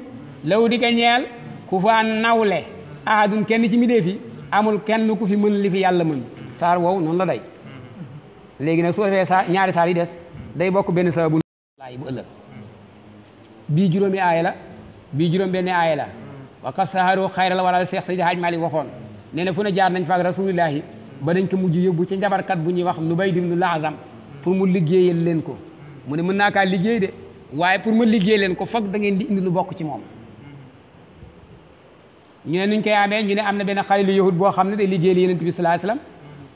law di ko ñeel ku fa nawle ahadun kenn ci mbindéef yi amul kenn ku fi mën li fi yàlla mën saar wow noonu la day léegi nag soo ko defee saar ñaari saar yi des day bokk benn saa bu laay bu ëllëg bii juróomi aaya la bii juróom benn aaya la waqad saharu xayral waral Seex Seydi Haaj Maalik waxoon nee na fu ne jaar nañ faak rasulillahi ba dañ ko mujj yóbbu ci njabarkat bu ñuy wax Lubayd ibnu Laazam pour mu liggéeyal leen ko mu ne mën naa kaa liggéey de waaye pour ma liggéey leen ko foog da ngeen di indi lu bokk ci moom ñu ne nuñ koy amee ñu ne am na benn xarilu yahud boo xam ne day liggéeyal yonent bi sallallahu alayhi wasallam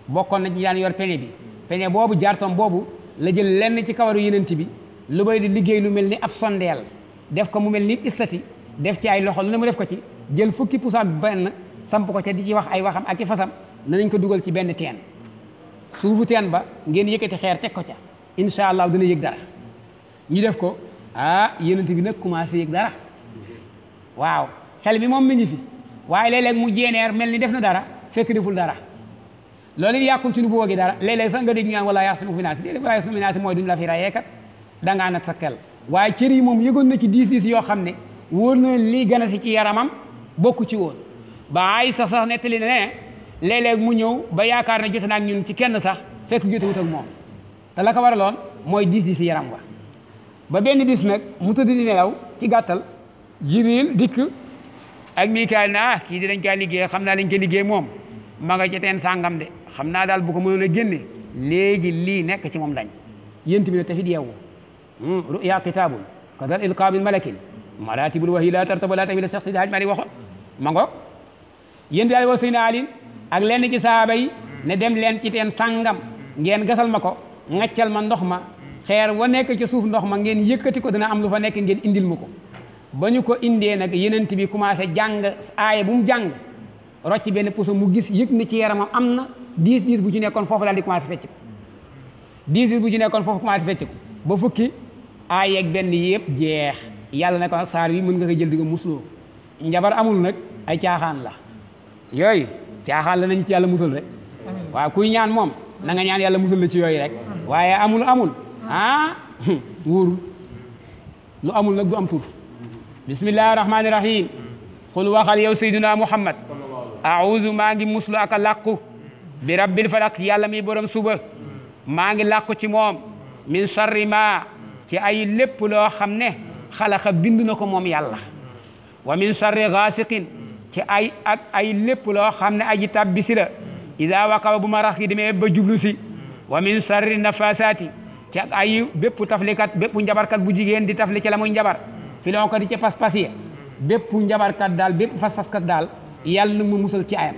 bokkoon na ci daan yor peñe bi peñe boobu jaartoom boobu la jël lenn ci kawaru yonent bi lu bay di liggéey lu mel ni ab sondeel def ko mu mel ni istati def ci ay loxo lu ne mu def ko ci jël fukki pusa ak benn samp ko ca di ci wax ay waxam ak i fasam nañ ko dugal ci benn teen suufu teen ba ngeen yëkkati xeer teg ko ca incha allah dina yëg dara ñu def ko ah yéenant bi nag commencé yëg dara waaw xel bi moom mi ngi fi waaye léeg-léeg mu jéeneer mel ni def na dara fekke deful dara lool it yàqul ci nu boogi dara léeg-léeg sax nga dégg ñaan wala yasmu financé déedéet wala yasmu mooy duñ la fi rayee kat da ngaa nat sa xel waaye cër yi moom yëgoon na ci diis diis yoo xam ne wóor na lii gën a si ci yaramam bokku ci woon ba ay sax sax nettali ne léeg-léeg mu ñëw ba yaakaar na jote naa ñun ci kenn sax fekk jotewut ak moom te la ko waraloon mooy diis diis yaram wa ba benn bis nag mu tëdd di nelaw ci gàttal Jibril dikk ak Mikaayil ne ah kii dinañ kaa liggéey xam naa lañ ko liggéey moom ma nga ca teen sàngam de xam naa daal bu ko mënoon a génne léegi lii nekk ci moom dañ yént bi ne tafit yeewu hmm, ruya kitaabun kadal ilqaabil malakin maratibul wahi la tartaba la tamila shaxsi daaj ma di waxoon ma ngoog yéen daal woo sëy na alin ak lenn ci saaba yi ne dem leen ci teen sàngam ngeen gasal ma ko ŋaccal ma ndox ma xeer wa nekk ci suuf ndox ma ngeen yëkkati ko dina am lu fa nekk ngeen indil ma ko ba ñu ko indee nag yenent bi commencé jàng aaye bu mu jàng rocc benn puso mu gis yëg na ci yaramam am na diis diis bu ci nekkoon foofu daal di commencé fecc ko diis diis bu ci nekkoon foofu commencé fecc ko ba fukki aay yeeg benn yëpp jeex yàlla ne ko ak saar wi mën nga ko jël di ko njabar amul nag ay caaxaan la yooyu caaxaan la nañ ci yàlla musal rek waaw kuy ñaan moom na nga ñaan yàlla musal la ci yooy rek waaye amul amul ah wóorul lu amul nag du am tur bismillahi rahmaani rahim xul waxal yow sayduna muhammad maa ngi muslu ak a làqu bi rabbil falaq yàlla mi borom maa ngi làqu ci moom min sarri ma ci ay lépp loo xam ne xalaqa bind na ko moom yàlla wa min sarri gaasiqin ci ay ak ay lépp loo xam ne aji tabbi si la bu ma rax ki demee ba jublu si wa min sarri nafasaati ci ay bépp taflikat bépp njabarkat bu jigéen di tafli ci la muy njabar fi lon ko di ci pas-pas yi bépp njabarkat daal bépp fas-faskat daal yàlla na mu musal ci ayam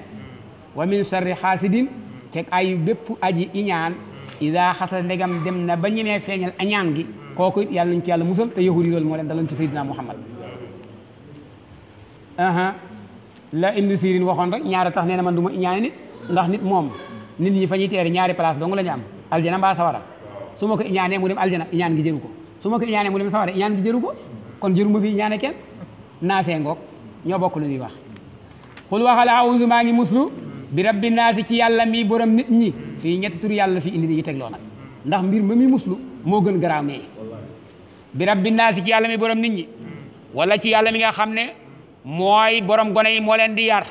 wa min sarri xaasidin teg ay bépp aji iñaan ida xasa ndegam dem na ba ñemee feeñal añaan gi kooku it yàlla nañ ci yàlla musal te yahudi loolu moo leen daloon ci sayyidina muhammad aha la Ibnu Sirin waxoon rek ñaari tax nee na man du ma iñaane nit ndax nit moom nit ñi fa ñuy teeri ñaari place dong la am aljana mbaa sawara su ma ko iñaanee mu dem aljana iñaan gi jëru ko ma ko iñaanee mu dem sawara iñaan gi jëru ko kon jëru ma fi iñaane kenn naasee ngoog ñoo bokk lu ñuy wax xul waxal aawuzu maa ngi muslu bi rabbi naasi ci yàlla mi borom nit ñi fii ñetti tur yàlla fi indi ni ñu tegloo nag ndax mbir ma mi muslu moo gën garaaw mee bi rabbi mooy borom gone yi moo leen di yar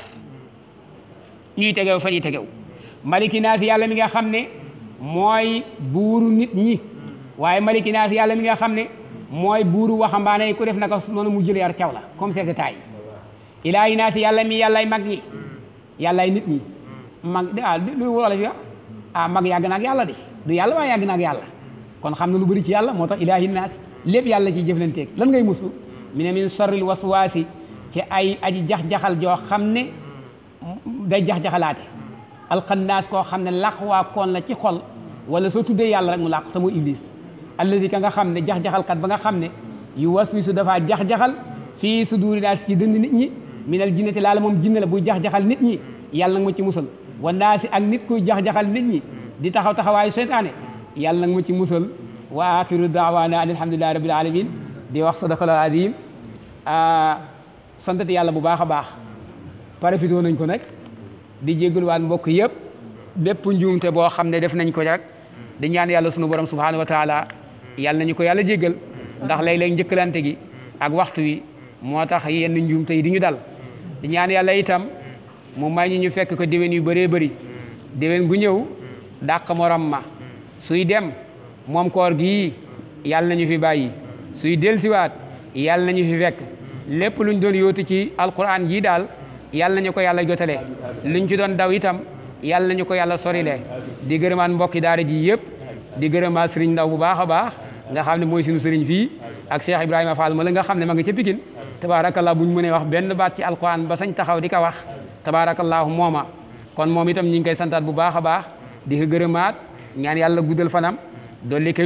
ñuy tegew fa ñuy tegew maliki naas yàlla mi nga xam ne mooy buuru nit ñi waaye maliki naas yàlla mi nga xam ne mooy buuru waxambaane yi ku def naka noonu mu jël yar caw la comme c'est détail ilaahi naas yàlla mi yàllay mag ñi yàllay nit ñi mag ah lu wala fi ah mag yàgg na ak yàlla de du yàlla waaye yàgg na ak yàlla kon xam na lu bëri ci yàlla moo tax ilaahi naas lépp yàlla ciy jëflanteeg lan ngay muslu mi ne ci ay aj jax-jaxal joo xam ne day jax-jaxalaate alxannaas koo xam ne làq waa koon la ci xol wala soo tuddee yàlla rek mu làq te muy iblis allazi ka nga xam ne jax-jaxalkat ba nga xam ne yu waswisu dafa jax-jaxal fii suduuri naas ci dënd nit ñi minal jinnati laala moom jinne la buy jax-jaxal nit ñi yàlla nag ma ci musal wa naasi ak nit kuy jax-jaxal nit ñi di taxaw taxawaayu seytaane yàlla nag ma musal waa axiru daawaana an alhamdulillahi rabbil alamin santati yàlla bu baax a baax parafitoo nañ ko nag di jégaluwaat mbokk yëpp bépp njuumte boo xam ne def nañ ko rek di ñaan yàlla sunu borom subhanahu wa taala yàlla nañu ko yàlla jégal ndax léeg-léeg njëkkalante gi ak waxtu wi moo tax yenn njuumte yi di ñu dal di ñaan yàlla itam mu may ñu fekk ko déwén yu bëree bëri déwén gu ñëw dàq morom ma suy dem moom koor gii yàlla nañu fi bàyyi suy delsiwaat yàlla nañu fi fekk lépp ñu doon yóotu ci alquran yii daal yàlla ñu ko yàlla jotale luñ ci doon daw itam yàlla nañu ko yàlla sorile di gërëmaan mbokki daara ji yëpp di gërëmaa sëriñ ndaw bu baax a baax nga xam ne mooy suñu sëriñ fii ak Cheikh Ibrahima Fall ma la nga xam ne ma nga ca bu tabaarakallah buñ mënee wax benn baat ci alquran ba sañ taxaw di ko wax tabaarakallahu mooma kon moom itam ñu ngi koy santaat bu baax a baax di ko gërëmaat ñaan yàlla guddal fanam dolli ko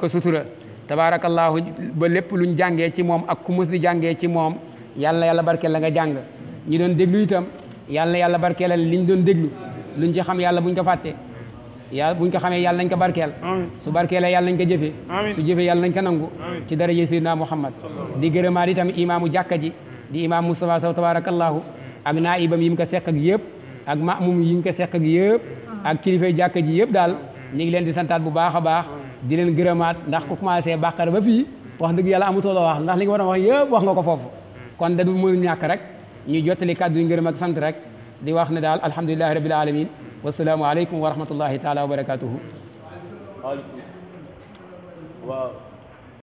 ko sutura tabaarakallaahu ba lépp luñ jàngee ci moom ak ku mus di jàngee ci moom yàlla yàlla barkeel la nga jàng ñi doon déglu itam yàlla yàlla barkeelal ñu doon lu ñu ci xam yàlla buñ ko fàtte bu buñ ko xamee yàlla nañ ko barkeel su barkeelee yàlla nañ ko jëfee su jëfee yàlla nañ ko nangu ci daraje Seydina Muhammad di gërëmaat itam imaamu jàkka ji di imaam Moustapha Sow tabaarakallaahu ak naibam yi mu ko seq ak yëpp ak maamum yi mu ko seq ak yëpp ak kilifay jàkka ji yëpp daal ñu ngi leen di santaat bu baax a baax di leen gërëmaat ndax ku commencé bàqara ba fii wax dëgg yàlla amutoo la wax ndax li nga war a wax yëpp wax nga ko foofu kon da du mënul ñàkk rek ñu jottali kàddu yu ngërëm ak sant rek di wax ne daal alhamdulilahi rabbil alamin wasalaamu aleykum wa rahmatullahi taala wa barakatuhu waaw